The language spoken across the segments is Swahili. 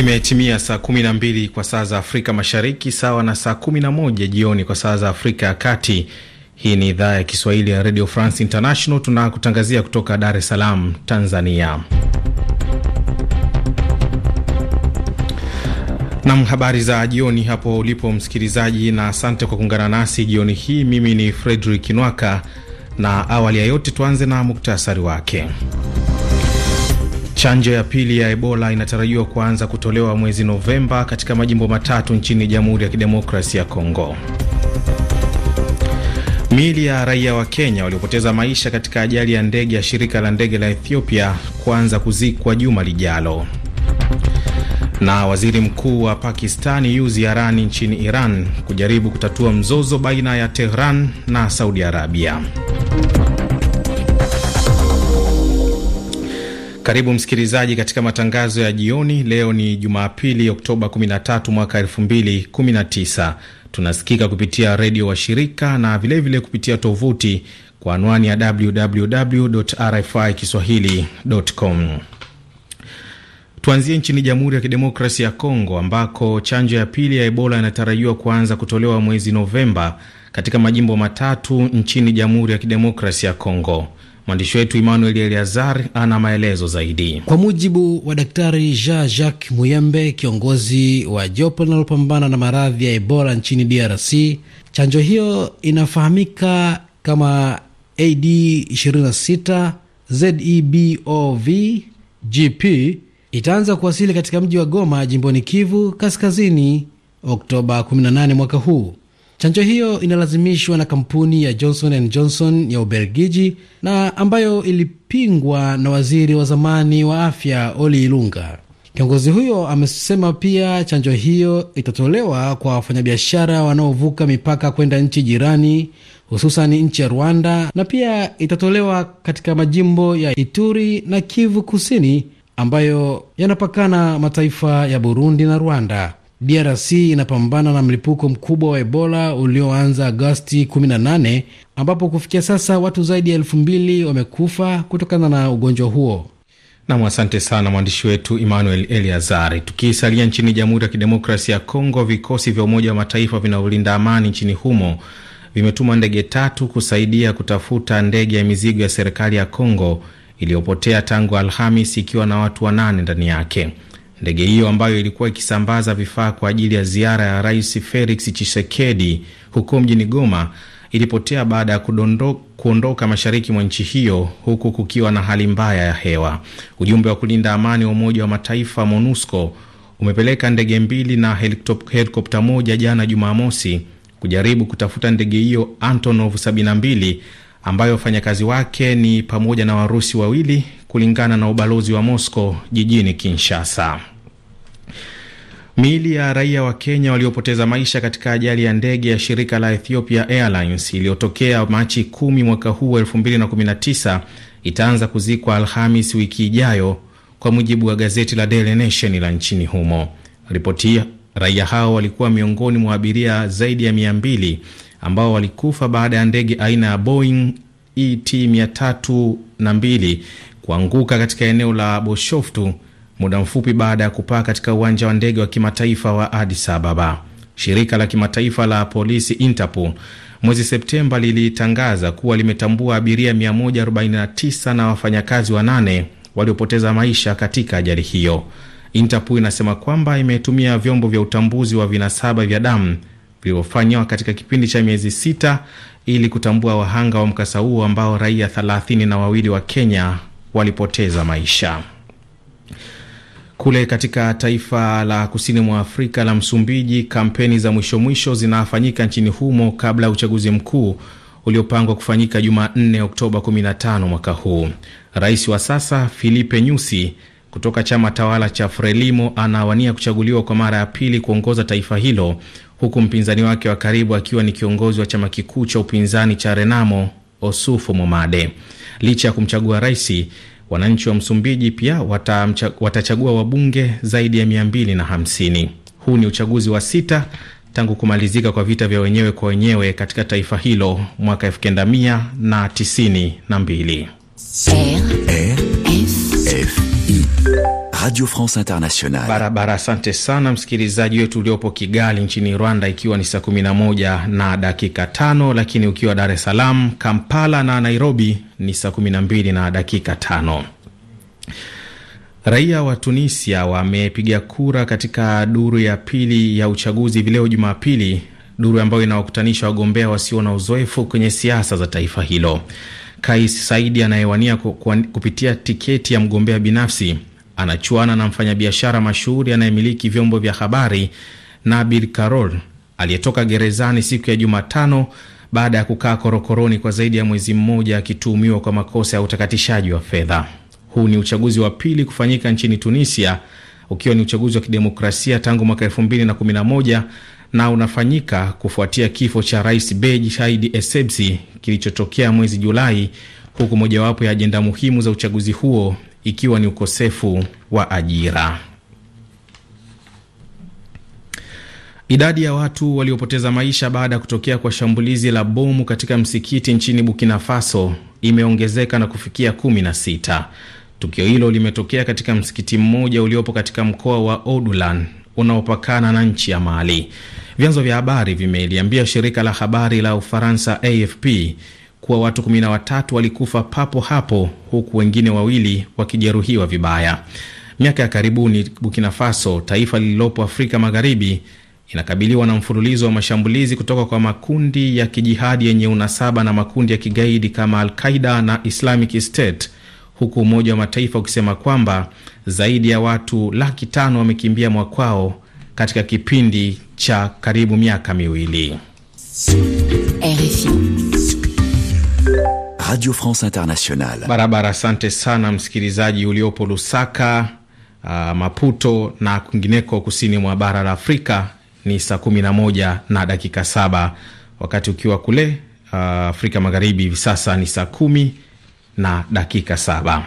Imetimia saa 12 kwa saa za Afrika Mashariki, sawa na saa 11 jioni kwa saa za Afrika ya Kati. Hii ni idhaa ya Kiswahili ya Radio France International, tunakutangazia kutoka Dar es Salaam, Tanzania. Nam, habari za jioni hapo ulipo msikilizaji, na asante kwa kuungana nasi jioni hii. Mimi ni Fredrik Nwaka, na awali ya yote tuanze na muktasari wake. Chanjo ya pili ya Ebola inatarajiwa kuanza kutolewa mwezi Novemba katika majimbo matatu nchini Jamhuri ya Kidemokrasia ya Kongo. Miili ya raia wa Kenya waliopoteza maisha katika ajali ya ndege ya shirika la ndege la Ethiopia kuanza kuzikwa juma lijalo. Na waziri mkuu wa Pakistani yu ziarani nchini Iran kujaribu kutatua mzozo baina ya Tehran na Saudi Arabia. Karibu msikilizaji katika matangazo ya jioni. Leo ni Jumapili, Oktoba 13 mwaka 2019. Tunasikika kupitia redio wa shirika na vilevile vile kupitia tovuti kwa anwani ya www rfi kiswahili.com. Tuanzie nchini Jamhuri ya Kidemokrasia ya Kongo ambako chanjo ya pili ya Ebola inatarajiwa kuanza kutolewa mwezi Novemba katika majimbo matatu nchini Jamhuri ya Kidemokrasia ya Kongo. Mwandishi wetu Emmanuel Eliazar ana maelezo zaidi. Kwa mujibu wa Daktari Jean Jacques Muyembe, kiongozi wa jopo linalopambana na maradhi ya Ebola nchini DRC, chanjo hiyo inafahamika kama AD 26 ZEBOV GP itaanza kuwasili katika mji wa Goma, jimboni Kivu Kaskazini, Oktoba 18 mwaka huu. Chanjo hiyo inalazimishwa na kampuni ya Johnson and Johnson ya Ubelgiji na ambayo ilipingwa na waziri wa zamani wa afya Oli Ilunga. Kiongozi huyo amesema pia chanjo hiyo itatolewa kwa wafanyabiashara wanaovuka mipaka kwenda nchi jirani, hususan nchi ya Rwanda, na pia itatolewa katika majimbo ya Ituri na Kivu Kusini ambayo yanapakana mataifa ya Burundi na Rwanda. DRC inapambana na mlipuko mkubwa wa Ebola ulioanza Agosti 18 ambapo kufikia sasa watu zaidi ya elfu mbili wamekufa kutokana na ugonjwa huo. Nam, asante sana mwandishi wetu Emmanuel Eliazari. Tukisalia nchini Jamhuri ya Kidemokrasia ya Kongo, vikosi vya Umoja wa Mataifa vinavyolinda amani nchini humo vimetuma ndege tatu kusaidia kutafuta ndege ya mizigo ya serikali ya Kongo iliyopotea tangu Alhamis ikiwa na watu wanane ndani yake. Ndege hiyo ambayo ilikuwa ikisambaza vifaa kwa ajili ya ziara ya Rais Felix Tshisekedi huko mjini Goma ilipotea baada ya kuondoka mashariki mwa nchi hiyo huku kukiwa na hali mbaya ya hewa. Ujumbe wa kulinda amani wa Umoja wa Mataifa MONUSCO umepeleka ndege mbili na helikopta moja jana Jumamosi kujaribu kutafuta ndege hiyo Antonov 72 ambayo wafanyakazi wake ni pamoja na Warusi wawili kulingana na ubalozi wa Moscow jijini Kinshasa. Miili ya raia wa Kenya waliopoteza maisha katika ajali ya ndege ya shirika la Ethiopia Airlines iliyotokea Machi 10 mwaka huu 2019 itaanza kuzikwa Alhamis wiki ijayo, kwa mujibu wa gazeti la Daily Nation la nchini humo. Ripoti raia hao walikuwa miongoni mwa abiria zaidi ya ambao walikufa baada ya ndege aina ya Boeing ET 302 kuanguka katika eneo la Boshoftu muda mfupi baada ya kupaa katika uwanja wa ndege wa kimataifa wa Addis Ababa. Shirika la kimataifa la polisi Interpol mwezi Septemba lilitangaza kuwa limetambua abiria 149 na wafanyakazi wanane waliopoteza maisha katika ajali hiyo. Interpol inasema kwamba imetumia vyombo vya utambuzi wa vinasaba vya damu vilivyofanywa katika kipindi cha miezi sita ili kutambua wahanga wa mkasa huo ambao raia thelathini na wawili wa Kenya walipoteza maisha. Kule katika taifa la kusini mwa Afrika la Msumbiji, kampeni za mwisho mwisho zinafanyika nchini humo kabla ya uchaguzi mkuu uliopangwa kufanyika Jumanne, Oktoba 15 mwaka huu. Rais wa sasa Filipe Nyusi kutoka chama tawala cha Frelimo anawania kuchaguliwa kwa mara ya pili kuongoza taifa hilo huku mpinzani wake wa karibu akiwa ni kiongozi wa chama kikuu cha upinzani cha Renamo Osufu Momade. Licha ya kumchagua rais, wananchi wa Msumbiji pia watachagua wabunge zaidi ya 250. Huu ni uchaguzi wa sita tangu kumalizika kwa vita vya wenyewe kwa wenyewe katika taifa hilo mwaka 1992. Radio France Internationale. Barabara, asante sana msikilizaji wetu uliopo Kigali nchini Rwanda, ikiwa ni saa 11 na dakika tano, lakini ukiwa Dar es Salaam, Kampala na Nairobi ni saa 12 na dakika tano. Raia wa Tunisia wamepiga kura katika duru ya pili ya uchaguzi vileo Jumapili, duru ambayo inawakutanisha wagombea wasio na uzoefu kwenye siasa za taifa hilo. Kais Saidi anayewania kupitia tiketi ya mgombea binafsi anachuana na mfanyabiashara mashuhuri anayemiliki vyombo vya habari Nabil Karol aliyetoka gerezani siku ya Jumatano baada ya kukaa korokoroni kwa zaidi ya mwezi mmoja akituhumiwa kwa makosa ya utakatishaji wa fedha. Huu ni uchaguzi wa pili kufanyika nchini Tunisia ukiwa ni uchaguzi wa kidemokrasia tangu mwaka 211 na unafanyika kufuatia kifo cha Rais Beji Said Essebsi kilichotokea mwezi Julai, huku mojawapo ya ajenda muhimu za uchaguzi huo ikiwa ni ukosefu wa ajira. Idadi ya watu waliopoteza maisha baada ya kutokea kwa shambulizi la bomu katika msikiti nchini Burkina Faso imeongezeka na kufikia kumi na sita. Tukio hilo limetokea katika msikiti mmoja uliopo katika mkoa wa Odulan unaopakana na nchi ya Mali. Vyanzo vya habari vimeliambia shirika la habari la Ufaransa AFP kuwa watu 13 walikufa papo hapo huku wengine wawili wakijeruhiwa vibaya. Miaka ya karibuni, Burkina Faso, taifa lililopo Afrika Magharibi, inakabiliwa na mfululizo wa mashambulizi kutoka kwa makundi ya kijihadi yenye unasaba na makundi ya kigaidi kama Al-Qaida na Islamic State, huku Umoja wa Mataifa ukisema kwamba zaidi ya watu laki tano wamekimbia mwakwao katika kipindi cha karibu miaka miwili. RFI. Radio France Internationale. Barabara, asante sana msikilizaji uliopo Lusaka, uh, Maputo na kwingineko kusini mwa bara la Afrika. Ni saa 11 na dakika saba wakati ukiwa kule uh, Afrika Magharibi hivi sasa ni saa kumi na dakika saba.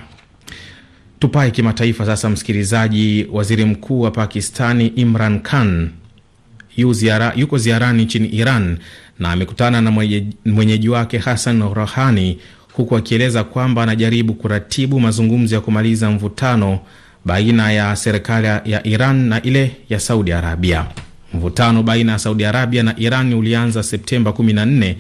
Tupae kimataifa sasa, msikilizaji. Waziri mkuu wa Pakistani Imran Khan yu ziara, yuko ziarani nchini Iran na amekutana na mwenyeji wake Hassan Rohani, huku akieleza kwamba anajaribu kuratibu mazungumzo ya kumaliza mvutano baina ya serikali ya Iran na ile ya Saudi Arabia. Mvutano baina ya Saudi Arabia na Iran ulianza Septemba 14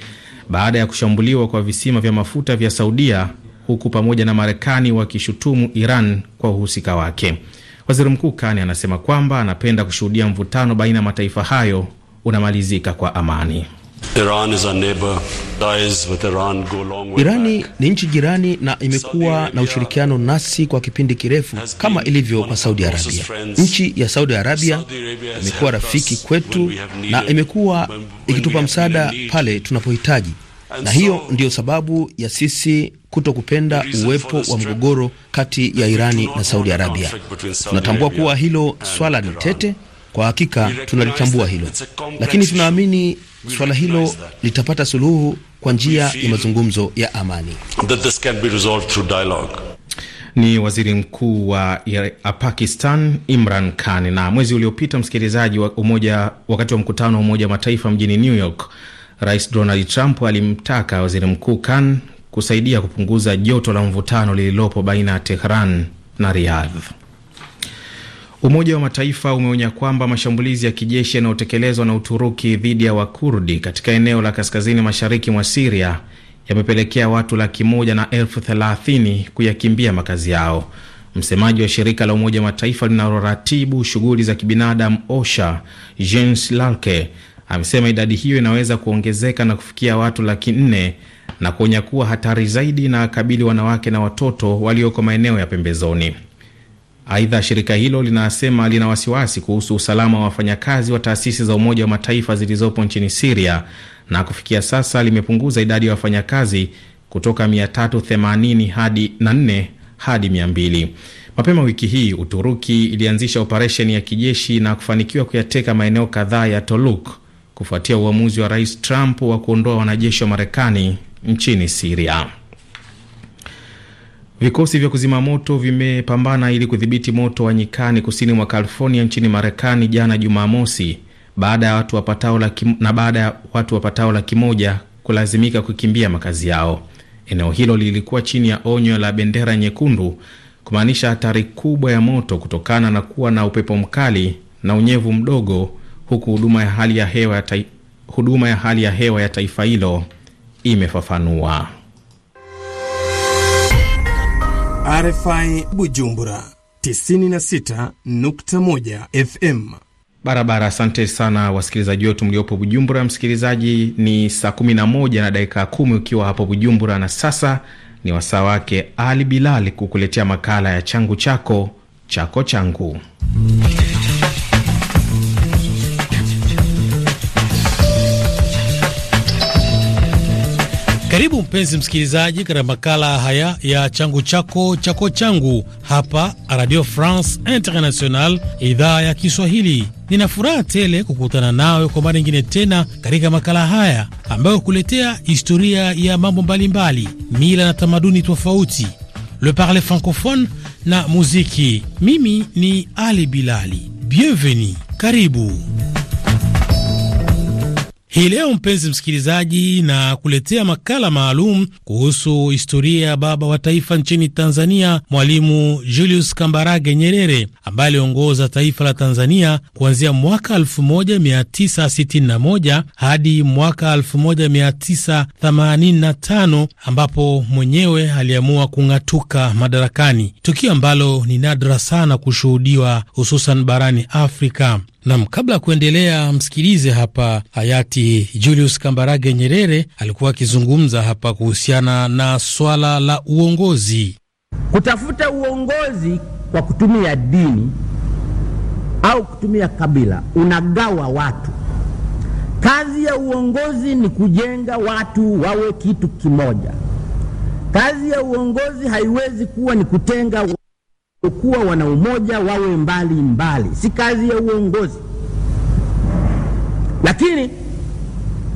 baada ya kushambuliwa kwa visima vya mafuta vya Saudia, huku pamoja na Marekani wakishutumu Iran kwa uhusika wake. Waziri Mkuu Kani anasema kwamba anapenda kushuhudia mvutano baina ya mataifa hayo unamalizika kwa amani. Iran is with Iran go long way. Irani ni nchi jirani na imekuwa na ushirikiano nasi kwa kipindi kirefu kama ilivyo kwa Saudi Arabia. Nchi ya Saudi Arabia imekuwa rafiki kwetu na imekuwa ikitupa msaada pale tunapohitaji na hiyo ndiyo sababu ya sisi kuto kupenda uwepo wa mgogoro kati ya Irani na Saudi Arabia. Tunatambua kuwa hilo swala ni tete, kwa hakika tunalitambua hilo, lakini tunaamini swala hilo litapata suluhu kwa njia ya mazungumzo ya amani. Ni waziri mkuu wa Pakistan Imran Khan. Na mwezi uliopita, msikilizaji wa umoja, wakati wa mkutano wa Umoja Mataifa mjini New York Rais Donald Trump alimtaka waziri mkuu Khan kusaidia kupunguza joto la mvutano lililopo baina ya Tehran na Riyadh. Umoja wa Mataifa umeonya kwamba mashambulizi ya kijeshi yanayotekelezwa na Uturuki dhidi ya Wakurdi katika eneo la kaskazini mashariki mwa Siria yamepelekea watu laki moja na elfu thelathini kuyakimbia makazi yao. Msemaji wa shirika la Umoja wa Mataifa linaloratibu shughuli za kibinadamu OSHA Jens Lalke Amesema idadi hiyo inaweza kuongezeka na kufikia watu laki nne na kuonya kuwa hatari zaidi na kabili wanawake na watoto walioko maeneo ya pembezoni. Aidha, shirika hilo linasema lina wasiwasi kuhusu usalama wa wafanyakazi wa taasisi za Umoja wa Mataifa zilizopo nchini Siria, na kufikia sasa limepunguza idadi ya wa wafanyakazi kutoka 380 hadi na 4 hadi 200. Mapema wiki hii Uturuki ilianzisha operesheni ya kijeshi na kufanikiwa kuyateka maeneo kadhaa ya Toluk kufuatia uamuzi wa Rais Trump wa kuondoa wanajeshi wa Marekani nchini Siria. Vikosi vya kuzima moto vimepambana ili kudhibiti moto wa nyikani kusini mwa California nchini Marekani jana Jumamosi, baada ya watu wapatao laki, na baada ya watu wapatao laki moja kulazimika kukimbia makazi yao. Eneo hilo lilikuwa chini ya onyo la bendera nyekundu, kumaanisha hatari kubwa ya moto kutokana na kuwa na upepo mkali na unyevu mdogo huku huduma ya hali ya hewa ya, tai, huduma ya, hali ya hewa ya taifa hilo imefafanua. RFI Bujumbura 96.1 FM barabara. Asante sana wasikilizaji wetu mliopo Bujumbura. Msikilizaji, ni saa 11 na dakika kumi ukiwa hapo Bujumbura, na sasa ni wasaa wake Ali Bilal kukuletea makala ya changu chako chako changu Karibu mpenzi msikilizaji, katika makala haya ya changu chako chako changu hapa Radio France International, idhaa ya Kiswahili. Nina furaha tele kukutana nawe kwa mara nyingine tena katika makala haya ambayo kuletea historia ya mambo mbalimbali, mila na tamaduni tofauti, le parle francophone na muziki. Mimi ni Ali Bilali. Bienvenue, karibu. Hii leo mpenzi msikilizaji, na kuletea makala maalum kuhusu historia ya baba wa taifa nchini Tanzania, Mwalimu Julius Kambarage Nyerere, ambaye aliongoza taifa la Tanzania kuanzia mwaka 1961 hadi mwaka 1985, ambapo mwenyewe aliamua kung'atuka madarakani, tukio ambalo ni nadra sana kushuhudiwa hususan barani Afrika. Nam, kabla ya kuendelea, msikilize hapa hayati Julius Kambarage Nyerere alikuwa akizungumza hapa kuhusiana na swala la uongozi. Kutafuta uongozi kwa kutumia dini au kutumia kabila unagawa watu. Kazi ya uongozi ni kujenga watu wawe kitu kimoja. Kazi ya uongozi haiwezi kuwa ni kutenga kuwa wana umoja wawe mbali mbali, si kazi ya uongozi. Lakini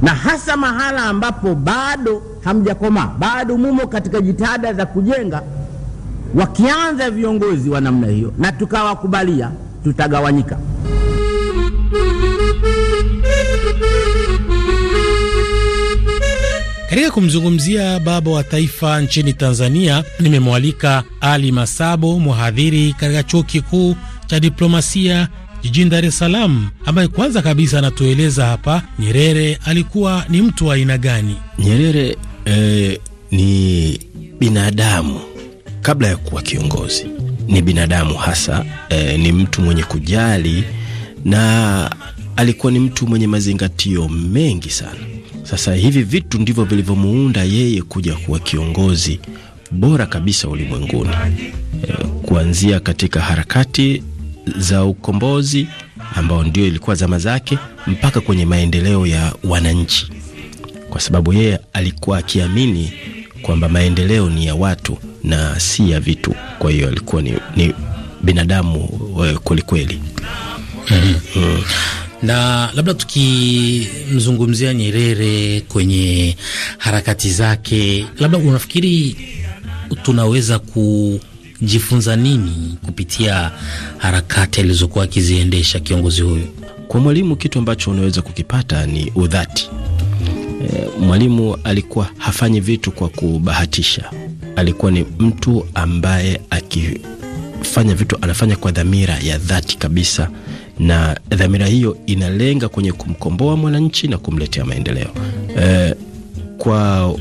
na hasa mahala ambapo bado hamjakomaa, bado mumo katika jitihada za kujenga, wakianza viongozi wa namna hiyo na tukawakubalia, tutagawanyika. Katika kumzungumzia baba wa taifa nchini Tanzania, nimemwalika Ali Masabo, mhadhiri katika chuo kikuu cha diplomasia jijini Dar es Salaam, ambaye kwanza kabisa anatueleza hapa Nyerere alikuwa ni mtu wa aina gani. Nyerere eh, ni binadamu kabla ya kuwa kiongozi, ni binadamu hasa e, ni mtu mwenye kujali na alikuwa ni mtu mwenye mazingatio mengi sana sasa hivi vitu ndivyo vilivyomuunda yeye kuja kuwa kiongozi bora kabisa ulimwenguni, eh, kuanzia katika harakati za ukombozi ambao ndio ilikuwa zama zake mpaka kwenye maendeleo ya wananchi, kwa sababu yeye alikuwa akiamini kwamba maendeleo ni ya watu na si ya vitu. Kwa hiyo alikuwa ni, ni binadamu kwelikweli. Eh, mm-hmm. mm -hmm. mm na labda tukimzungumzia Nyerere kwenye harakati zake, labda unafikiri tunaweza kujifunza nini kupitia harakati alizokuwa akiziendesha kiongozi huyu? Kwa Mwalimu, kitu ambacho unaweza kukipata ni udhati. E, Mwalimu alikuwa hafanyi vitu kwa kubahatisha. Alikuwa ni mtu ambaye akifanya vitu anafanya kwa dhamira ya dhati kabisa na dhamira hiyo inalenga kwenye kumkomboa mwananchi na kumletea maendeleo e, kwa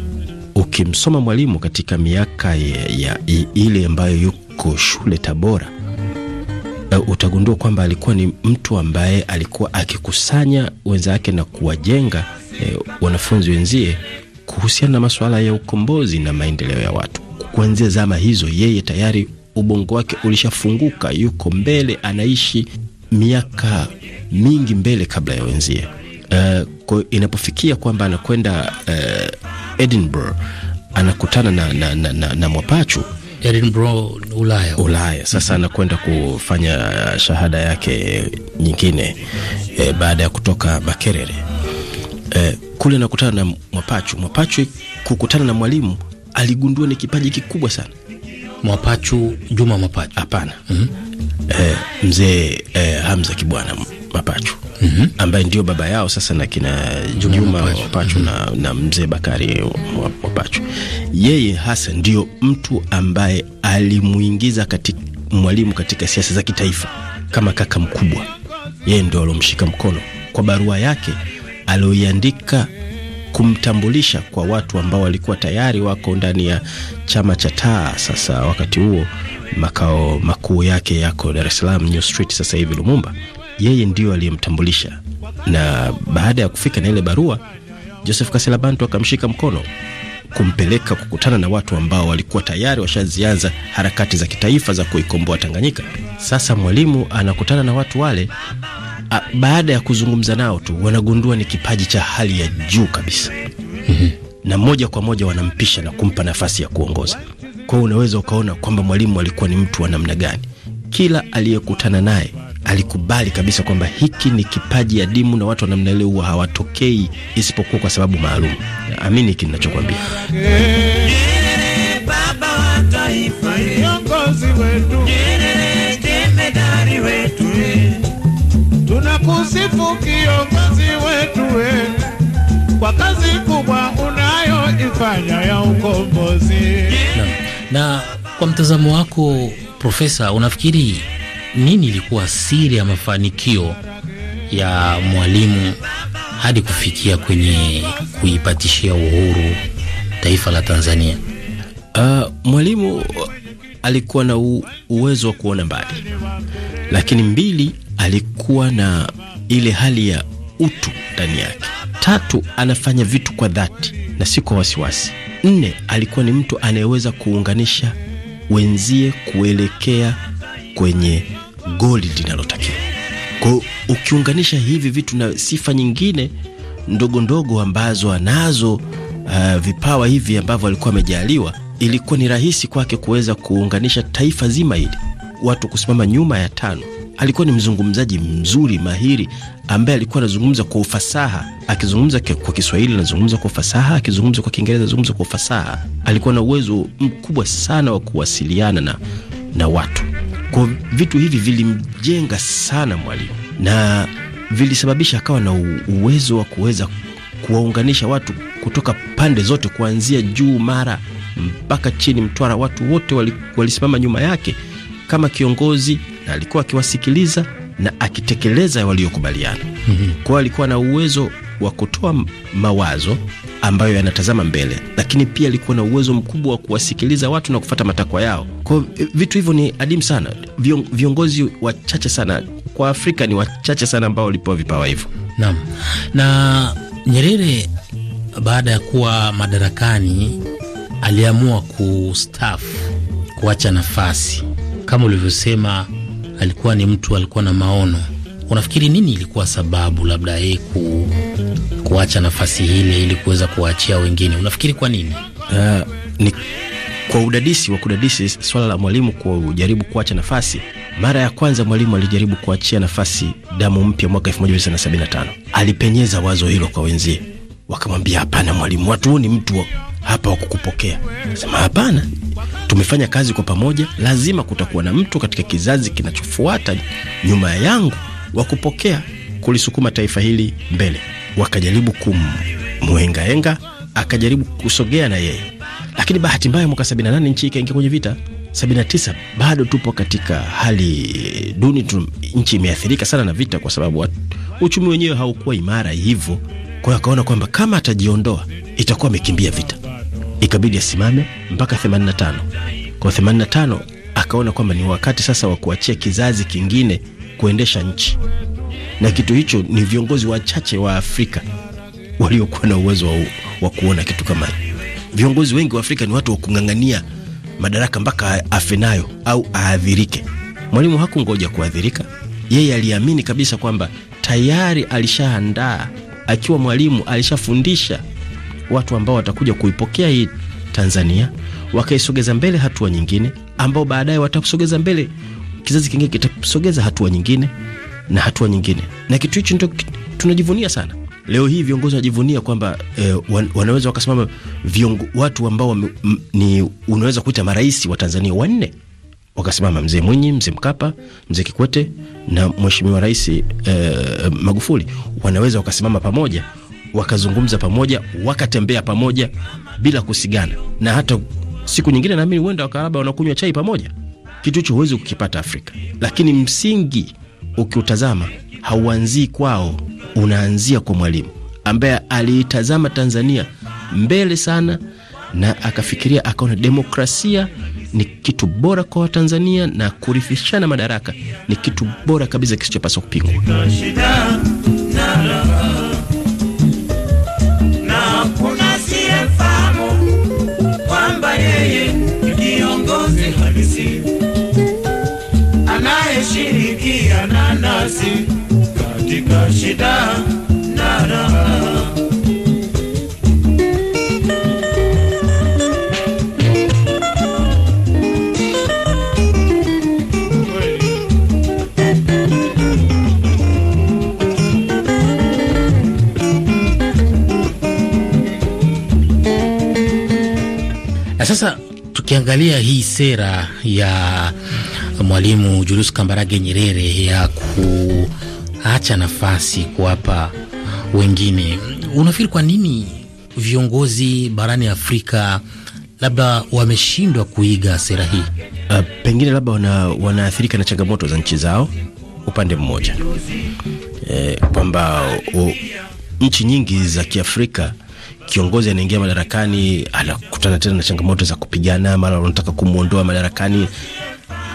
ukimsoma Mwalimu katika miaka ya, ya, ile ambayo yuko shule Tabora e, utagundua kwamba alikuwa ni mtu ambaye alikuwa akikusanya wenzake na kuwajenga e, wanafunzi wenzie kuhusiana na masuala ya ukombozi na maendeleo ya watu. Kuanzia zama hizo, yeye tayari ubongo wake ulishafunguka, yuko mbele, anaishi miaka mingi mbele kabla ya wenzie. Uh, kwa inapofikia kwamba anakwenda uh, Edinburgh anakutana na, na, na, na, na Mwapachu Edinburgh, Ulaya. Ulaya sasa anakwenda kufanya shahada yake nyingine e, baada ya kutoka Makerere e, kule anakutana na Mwapachu. Mwapachu kukutana na mwalimu aligundua ni kipaji kikubwa sana Mwapachu, Juma Mwapachu, hapana mm -hmm eh, mzee eh, Hamza Kibwana Mapachu mm -hmm. ambaye ndio baba yao sasa na kina Juma Mapachu mm -hmm. na, na mzee Bakari Mapachu. Yeye hasa ndio mtu ambaye alimuingiza katika Mwalimu katika siasa za kitaifa kama kaka mkubwa. Yeye ndio alomshika mkono kwa barua yake aliyoiandika kumtambulisha kwa watu ambao walikuwa tayari wako ndani ya chama cha taa sasa wakati huo makao makuu yake yako Dar es Salaam New Street, sasa hivi Lumumba, yeye ndio aliyemtambulisha. Na baada ya kufika na ile barua, Joseph Kasela Bantu akamshika mkono kumpeleka kukutana na watu ambao walikuwa tayari washazianza harakati za kitaifa za kuikomboa Tanganyika. Sasa Mwalimu anakutana na watu wale a, baada ya kuzungumza nao tu wanagundua ni kipaji cha hali ya juu kabisa mhm. na moja kwa moja wanampisha na kumpa nafasi ya kuongoza. Kwa unaweza ukaona kwamba mwalimu alikuwa ni mtu wa namna gani. Kila aliyekutana naye alikubali kabisa kwamba hiki ni kipaji adimu na watu wa namna ile huwa hawatokei isipokuwa kwa sababu maalum. Amini hiki ninachokwambia. Tunakusifu kiongozi wetu kwa kazi kubwa unayoifanya ya ukombozi. Na kwa mtazamo wako Profesa, unafikiri nini ilikuwa siri ya mafanikio ya Mwalimu hadi kufikia kwenye kuipatishia uhuru taifa la Tanzania? Uh, Mwalimu alikuwa na uwezo wa kuona mbali, lakini mbili, alikuwa na ile hali ya utu ndani yake. Tatu, anafanya vitu kwa dhati na si kwa wasiwasi. Nne, alikuwa ni mtu anayeweza kuunganisha wenzie kuelekea kwenye goli linalotakiwa. Kwa ukiunganisha hivi vitu na sifa nyingine ndogo ndogo ambazo anazo, uh, vipawa hivi ambavyo alikuwa amejaliwa, ilikuwa ni rahisi kwake kuweza kuunganisha taifa zima hili, watu kusimama nyuma ya tano alikuwa ni mzungumzaji mzuri mahiri, ambaye alikuwa anazungumza kwa ufasaha. Akizungumza kwa Kiswahili anazungumza kwa ufasaha, akizungumza kwa Kiingereza anazungumza kwa ufasaha. Alikuwa na uwezo mkubwa sana wa kuwasiliana na, na watu. Kwa vitu hivi vilimjenga sana Mwalimu na vilisababisha akawa na uwezo wa kuweza kuwaunganisha watu kutoka pande zote, kuanzia juu Mara mpaka chini Mtwara. Watu wote walisimama nyuma yake kama kiongozi na alikuwa akiwasikiliza na akitekeleza waliokubaliana. mm -hmm. Kwa hiyo alikuwa na uwezo wa kutoa mawazo ambayo yanatazama mbele, lakini pia alikuwa na uwezo mkubwa wa kuwasikiliza watu na kufata matakwa yao. Kwa eh, vitu hivyo ni adimu sana, viongozi wachache sana kwa Afrika, ni wachache sana ambao walipewa vipawa hivyo. Naam, na Nyerere baada ya kuwa madarakani aliamua kustaf kuacha nafasi kama ulivyosema alikuwa ni mtu alikuwa na maono. Unafikiri nini ilikuwa sababu labda yeye ku, kuacha nafasi hile ili kuweza kuwaachia wengine? Unafikiri kwa nini? Uh, ni kwa udadisi wa kudadisi swala la mwalimu kujaribu kuacha nafasi. Mara ya kwanza mwalimu alijaribu kuachia nafasi damu mpya mwaka 1975. Alipenyeza wazo hilo kwa wenzie, wakamwambia hapana, mwalimu, watu ni mtu hapa wa kukupokea. Sema hapana, tumefanya kazi kwa pamoja, lazima kutakuwa na mtu katika kizazi kinachofuata nyuma yangu wa kupokea kulisukuma taifa hili mbele. Wakajaribu kumwengaenga, akajaribu kusogea na yeye, lakini bahati mbaya, mwaka 78 nchi ikaingia kwenye vita 79 bado tupo katika hali duni tu. Nchi imeathirika sana na vita, kwa sababu uchumi wenyewe haukuwa imara hivyo. Kwa hiyo akaona kwamba kama atajiondoa itakuwa amekimbia vita ikabidi asimame mpaka 85. Kwa 85 akaona kwamba ni wakati sasa wa kuachia kizazi kingine kuendesha nchi, na kitu hicho ni viongozi wachache wa Afrika waliokuwa na uwezo wa, wa kuona kitu kama viongozi wengi wa Afrika ni watu wa kung'ang'ania madaraka mpaka afe nayo au aadhirike. Mwalimu hakungoja kuadhirika, yeye aliamini kabisa kwamba tayari alishaandaa akiwa mwalimu, alishafundisha watu ambao watakuja kuipokea hii Tanzania wakaisogeza mbele hatua nyingine, ambao baadaye watasogeza mbele, kizazi kingine kitasogeza hatua nyingine na hatua nyingine, na kitu hicho ndio tunajivunia sana. Leo hii viongozi wanajivunia kwamba eh, wan, wanaweza wakasimama viongo, watu ambao m, ni unaweza kuita marais wa Tanzania wanne wakasimama mzee Mwinyi, mzee Mkapa, mzee Kikwete na mheshimiwa rais eh, Magufuli, wanaweza wakasimama pamoja wakazungumza pamoja, wakatembea pamoja bila kusigana, na hata siku nyingine naamini huenda wakaraba wanakunywa chai pamoja, kitu hicho huwezi kukipata Afrika. Lakini msingi ukiutazama hauanzii kwao, unaanzia kwa Mwalimu ambaye aliitazama Tanzania mbele sana na akafikiria akaona demokrasia ni kitu bora kwa Watanzania na kurithishana madaraka ni kitu bora kabisa kisichopaswa kupingwa. kabisi, anayeshirikiana nasi katika shida Ukiangalia hii sera ya Mwalimu Julius Kambarage Nyerere ya kuacha nafasi kuwapa wengine, unafikiri kwa nini viongozi barani Afrika labda wameshindwa kuiga sera hii? Uh, pengine labda wana, wanaathirika na changamoto za nchi zao upande mmoja, eh, kwamba nchi nyingi za Kiafrika kiongozi anaingia madarakani anakutana tena na changamoto za kupigana, mara wanataka kumwondoa madarakani.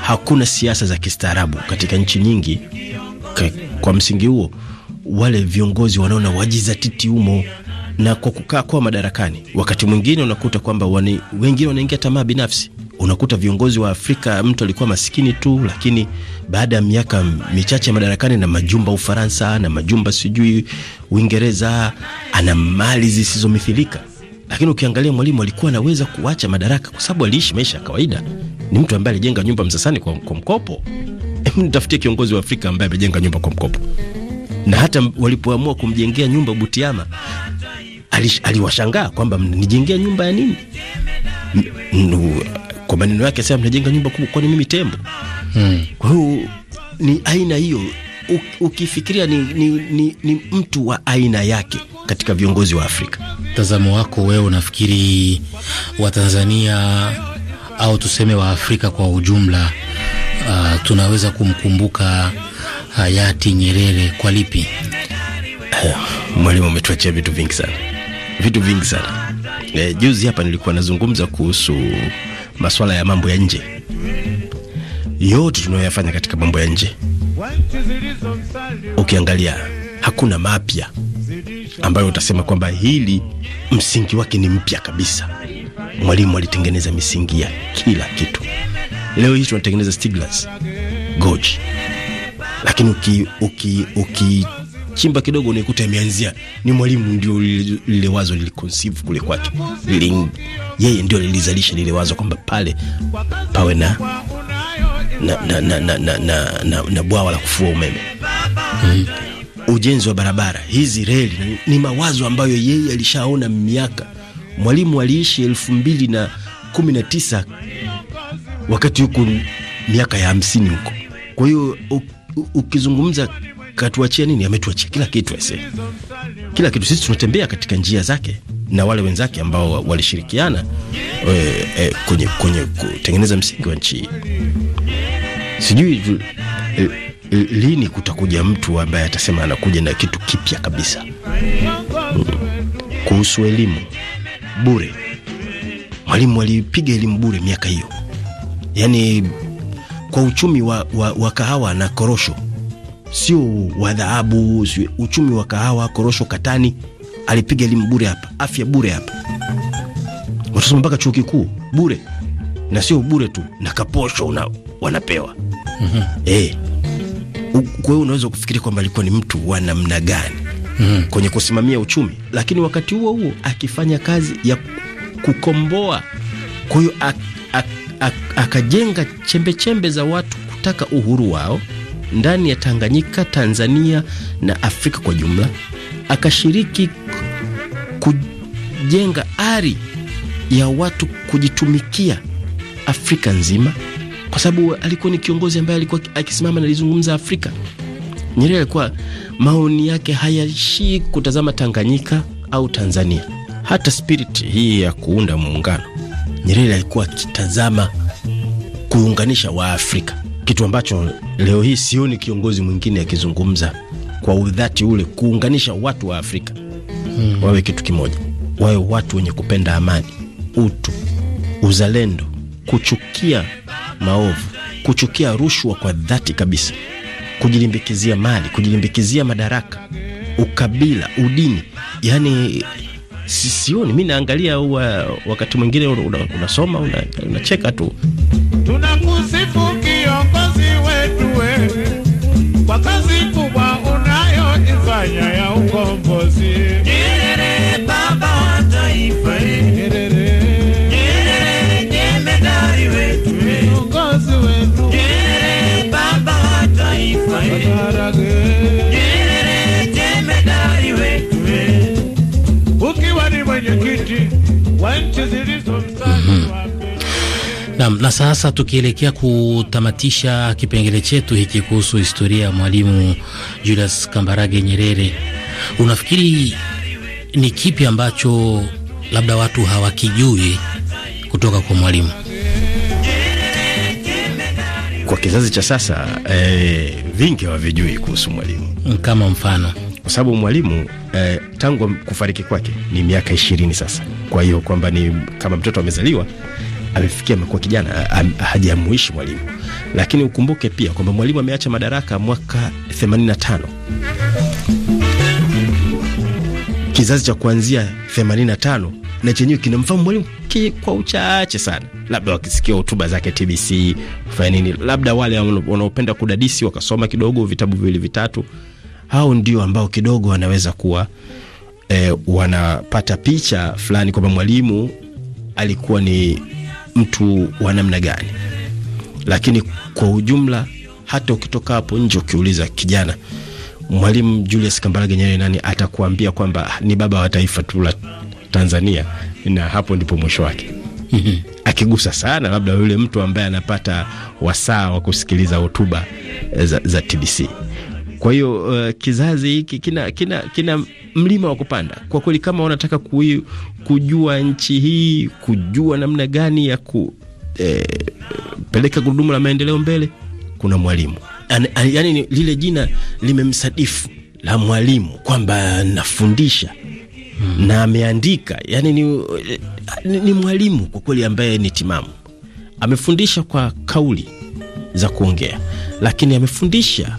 Hakuna siasa za kistaarabu katika nchi nyingi. Kwa msingi huo, wale viongozi wanaona wajizatiti humo na kwa kukaa kwa madarakani, wakati mwingine unakuta kwamba wengine wanaingia tamaa binafsi unakuta viongozi wa Afrika, mtu alikuwa masikini tu, lakini baada ya miaka michache madarakani, na majumba Ufaransa na majumba sijui Uingereza, ana mali zisizomithilika. Lakini ukiangalia Mwalimu alikuwa anaweza kuacha madaraka kwa sababu aliishi maisha ya kawaida. Ni mtu ambaye alijenga nyumba Msasani kwa, kwa mkopo. Nitafutie kiongozi wa Afrika ambaye amejenga nyumba kwa mkopo, na hata walipoamua kumjengea nyumba Butiama aliwashangaa kwamba mnijengea nyumba ya nini? Kwa maneno yake sema mnajenga nyumba kubwa, kwani mimi tembo? hmm. Kwa hiyo ni aina hiyo ukifikiria ni, ni, ni, ni mtu wa aina yake katika viongozi wa Afrika. Mtazamo wako wewe, unafikiri Watanzania au tuseme wa Afrika kwa ujumla, uh, tunaweza kumkumbuka uh, hayati Nyerere kwa lipi? Eh, mwalimu, umetuachia vitu vingi sana, vitu vingi sana. E, juzi hapa nilikuwa nazungumza kuhusu masuala ya mambo ya nje, yote tunayoyafanya katika mambo ya nje, ukiangalia hakuna mapya ambayo utasema kwamba hili msingi wake ni mpya kabisa. Mwalimu alitengeneza misingi ya kila kitu. Leo hii tunatengeneza stiglas goji, lakini uki, uki, uki chimba kidogo unaikuta imeanzia ni mwalimu ndio lile wazo liliceive kule kwake, yeye ndio lilizalisha lile wazo kwamba pale pawe na na, na, na, na, na, na, na, na bwawa la kufua umeme hmm. Ujenzi wa barabara hizi reli ni, ni mawazo ambayo yeye alishaona miaka. Mwalimu aliishi elfu mbili na kumi na tisa wakati huku miaka ya hamsini huko. Kwa hiyo ukizungumza katuachia nini? Ametuachia kila kitu ese, kila kitu. Sisi tunatembea katika njia zake na wale wenzake ambao walishirikiana e, e, kwenye, kwenye kutengeneza msingi wa nchi. Sijui e, lini kutakuja mtu ambaye atasema anakuja na kitu kipya kabisa hmm. Kuhusu elimu bure, mwalimu alipiga elimu bure miaka hiyo, yaani kwa uchumi wa, wa, wa kahawa na korosho sio wa dhahabu, sio uchumi wa kahawa, korosho katani. Alipiga elimu bure hapa, afya bure hapa, watasoma mpaka chuo kikuu bure, na sio bure tu, na kaposho una, wanapewa mm -hmm. kwa hiyo unaweza kufikiri kwamba alikuwa ni mtu wa namna gani mm -hmm. kwenye kusimamia uchumi, lakini wakati huo huo akifanya kazi ya kukomboa. Kwa hiyo akajenga chembe chembe za watu kutaka uhuru wao ndani ya Tanganyika, Tanzania na Afrika kwa jumla. Akashiriki kujenga ari ya watu kujitumikia Afrika nzima, kwa sababu alikuwa ni kiongozi ambaye alikuwa akisimama na alizungumza Afrika. Nyerere alikuwa maoni yake hayaishii kutazama Tanganyika au Tanzania. Hata spirit hii ya kuunda muungano, Nyerere alikuwa akitazama kuunganisha Waafrika kitu ambacho leo hii sioni kiongozi mwingine akizungumza kwa udhati ule kuunganisha watu wa Afrika hmm. wawe kitu kimoja, wawe watu wenye kupenda amani, utu, uzalendo, kuchukia maovu, kuchukia rushwa kwa dhati kabisa, kujilimbikizia mali, kujilimbikizia madaraka, ukabila, udini. Yani sioni mi, naangalia wakati mwingine unasoma una, unacheka tu. Nam, na sasa tukielekea kutamatisha kipengele chetu hiki kuhusu historia ya Mwalimu Julius Kambarage Nyerere, unafikiri ni kipi ambacho labda watu hawakijui kutoka kwa mwalimu? Kwa kizazi cha sasa eh, vingi hawavijui kuhusu mwalimu. Mm, kama mfano, kwa sababu mwalimu eh, tangu kufariki kwake ni miaka ishirini sasa. Kwa hiyo kwamba ni kama mtoto amezaliwa amefikia amekuwa kijana hajamuishi mwalimu. Lakini ukumbuke pia kwamba mwalimu ameacha madaraka mwaka 85 kizazi cha kuanzia 85 na chenyewe kinamfahamu mwalimu kwa uchache sana, labda wakisikia hotuba zake TBC kufanya nini, labda wale wanaopenda kudadisi wakasoma kidogo vitabu viwili vitatu, hao ndio ambao kidogo wanaweza kuwa eh, wanapata picha fulani kwamba mwalimu alikuwa ni mtu wa namna gani. Lakini kwa ujumla, hata ukitoka hapo nje ukiuliza kijana Mwalimu Julius Kambarage Nyerere nani, atakuambia kwamba ni baba wa taifa tu la Tanzania, na hapo ndipo mwisho wake. Mhm. Akigusa sana labda yule mtu ambaye anapata wasaa wa kusikiliza hotuba eh, za, za TBC. Kwa hiyo uh, kizazi hiki kina, kina, kina mlima wa kupanda kwa kweli, kama wanataka kuyu, kujua nchi hii, kujua namna gani ya kupeleka eh, gurudumu la maendeleo mbele. Kuna Mwalimu, yani lile jina limemsadifu la mwalimu kwamba nafundisha hmm, na ameandika yani ni, ni, ni mwalimu kwa kweli ambaye ni timamu. Amefundisha kwa kauli za kuongea, lakini amefundisha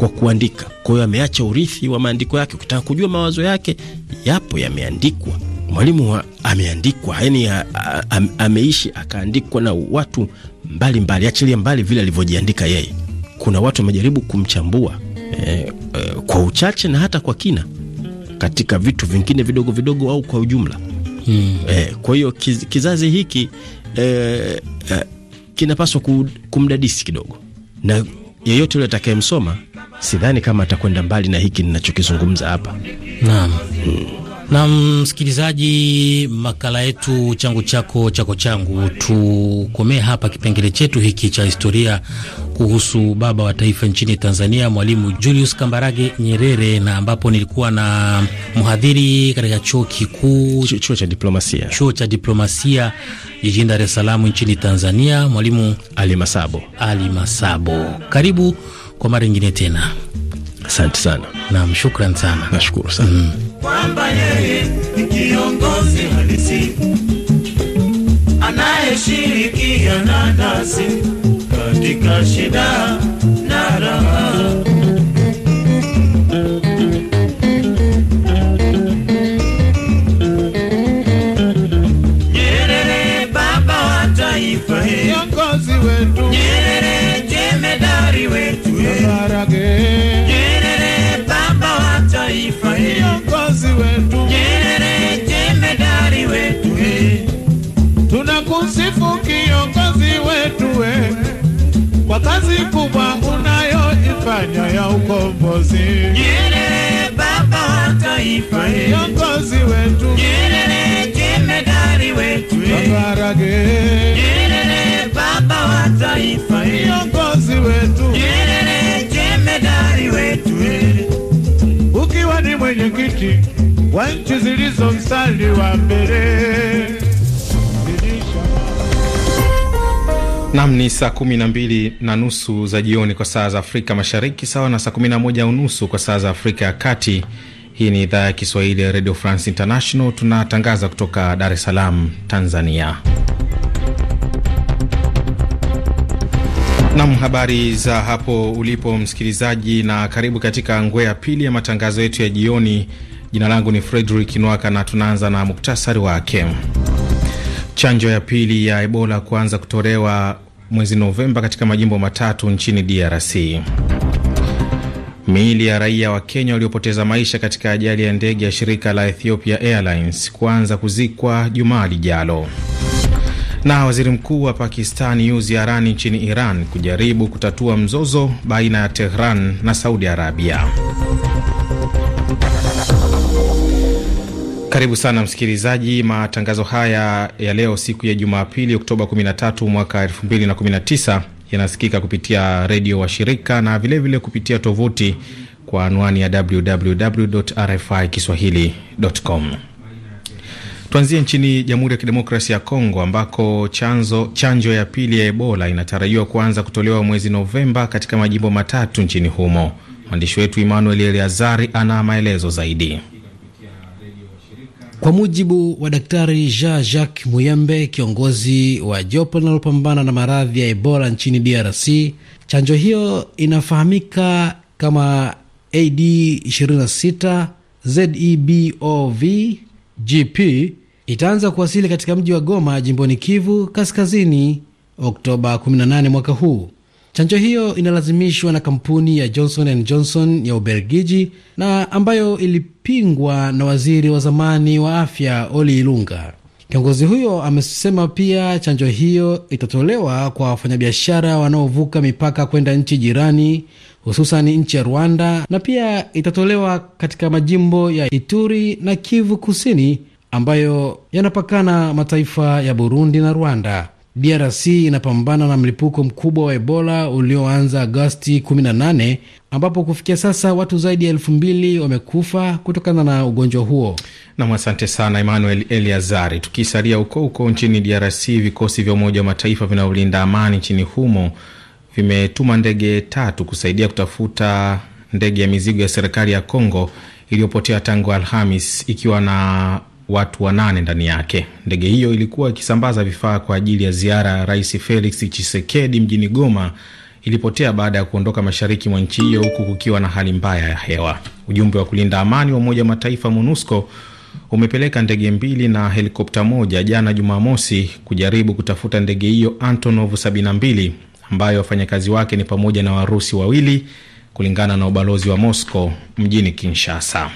kwa kuandika. Kwa hiyo ameacha urithi wa maandiko yake. Ukitaka kujua mawazo yake, yapo yameandikwa. Mwalimu ameandikwa, yani ameishi akaandikwa na watu mbalimbali, achilia mbali vile alivyojiandika yeye. Kuna watu wamejaribu kumchambua e, e, kwa uchache na hata kwa kina katika vitu vingine vidogo vidogo au kwa ujumla hmm. E, kwa hiyo kiz, kizazi hiki e, e, kinapaswa kumdadisi kidogo, na yeyote yule atakayemsoma sidhani kama atakwenda mbali na hiki ninachokizungumza hapa. Naam. Hmm. Na msikilizaji, makala yetu changu chako chako changu, tukomee hapa kipengele chetu hiki cha historia kuhusu baba wa taifa nchini Tanzania, Mwalimu Julius Kambarage Nyerere, na ambapo nilikuwa na mhadhiri katika chuo kikuu chuo cha diplomasia chuo cha diplomasia jijini Dar es Salaam nchini Tanzania, Mwalimu Ali Masabo. Ali Masabo, karibu kwa mara nyingine tena. Asante sana. Naam, shukran sana. Nashukuru sana mm. kwamba yeye ni kiongozi halisi anayeshirikiana nasi katika shida Kiongozi Nyerere, kiongozi wetu Nyerere, jemedari wetu Maharage, Nyerere, baba wa taifa, kiongozi wetu Nyerere, jemedari wetu. Ukiwa ni mwenyekiti wa nchi zilizo mstari wa mbele Nam ni saa kumi na mbili na nusu za jioni kwa saa za Afrika Mashariki, sawa na saa kumi na moja unusu kwa saa za Afrika ya Kati. Hii ni idhaa ya Kiswahili ya Radio France International, tunatangaza kutoka Dar es Salaam, Tanzania. Nam, habari za hapo ulipo msikilizaji, na karibu katika ngwe ya pili ya matangazo yetu ya jioni. Jina langu ni frederik Nwaka na tunaanza na muktasari wake. Chanjo ya pili ya Ebola kuanza kutolewa mwezi Novemba katika majimbo matatu nchini DRC. Miili ya raia wa Kenya waliopoteza maisha katika ajali ya ndege ya shirika la Ethiopia Airlines kuanza kuzikwa Jumaa lijalo. Na waziri mkuu wa Pakistan yu ziarani nchini Iran kujaribu kutatua mzozo baina ya Tehran na Saudi Arabia. Karibu sana msikilizaji, matangazo haya ya leo siku ya Jumapili Oktoba 13 mwaka 2019 yanasikika kupitia redio wa shirika na vilevile vile kupitia tovuti kwa anwani ya www RFI kiswahilicom. Tuanzie nchini Jamhuri ya Kidemokrasia ya Kongo ambako chanzo, chanjo ya pili ya Ebola inatarajiwa kuanza kutolewa mwezi Novemba katika majimbo matatu nchini humo. Mwandishi wetu Emmanuel Eleazari ana maelezo zaidi. Kwa mujibu wa Daktari Jean Jacques Muyembe, kiongozi wa jopo linalopambana na maradhi ya Ebola nchini DRC, chanjo hiyo inafahamika kama AD 26 ZEBOV GP itaanza kuwasili katika mji wa Goma, jimboni Kivu Kaskazini, Oktoba 18 mwaka huu. Chanjo hiyo inalazimishwa na kampuni ya Johnson and Johnson ya Ubelgiji na ambayo ilipingwa na waziri wa zamani wa afya Oli Ilunga. Kiongozi huyo amesema pia chanjo hiyo itatolewa kwa wafanyabiashara wanaovuka mipaka kwenda nchi jirani, hususan nchi ya Rwanda, na pia itatolewa katika majimbo ya Ituri na Kivu Kusini ambayo yanapakana mataifa ya Burundi na Rwanda. DRC inapambana na mlipuko mkubwa wa Ebola ulioanza Agosti 18 ambapo kufikia sasa watu zaidi ya elfu mbili wamekufa kutokana na ugonjwa huo. Nam, asante sana Emmanuel Eliazari. Tukisalia huko huko nchini DRC, vikosi vya Umoja wa Mataifa vinaolinda amani nchini humo vimetuma ndege tatu kusaidia kutafuta ndege ya mizigo ya serikali ya congo iliyopotea tangu Alhamis ikiwa na watu wanane ndani yake. Ndege hiyo ilikuwa ikisambaza vifaa kwa ajili ya ziara ya Rais Felix Tshisekedi mjini Goma, ilipotea baada ya kuondoka mashariki mwa nchi hiyo huku kukiwa na hali mbaya ya hewa. Ujumbe wa kulinda amani wa Umoja wa Mataifa MONUSCO umepeleka ndege mbili na helikopta moja jana Jumamosi kujaribu kutafuta ndege hiyo Antonov 72 ambayo wafanyakazi wake ni pamoja na Warusi wawili kulingana na ubalozi wa Moscow mjini Kinshasa.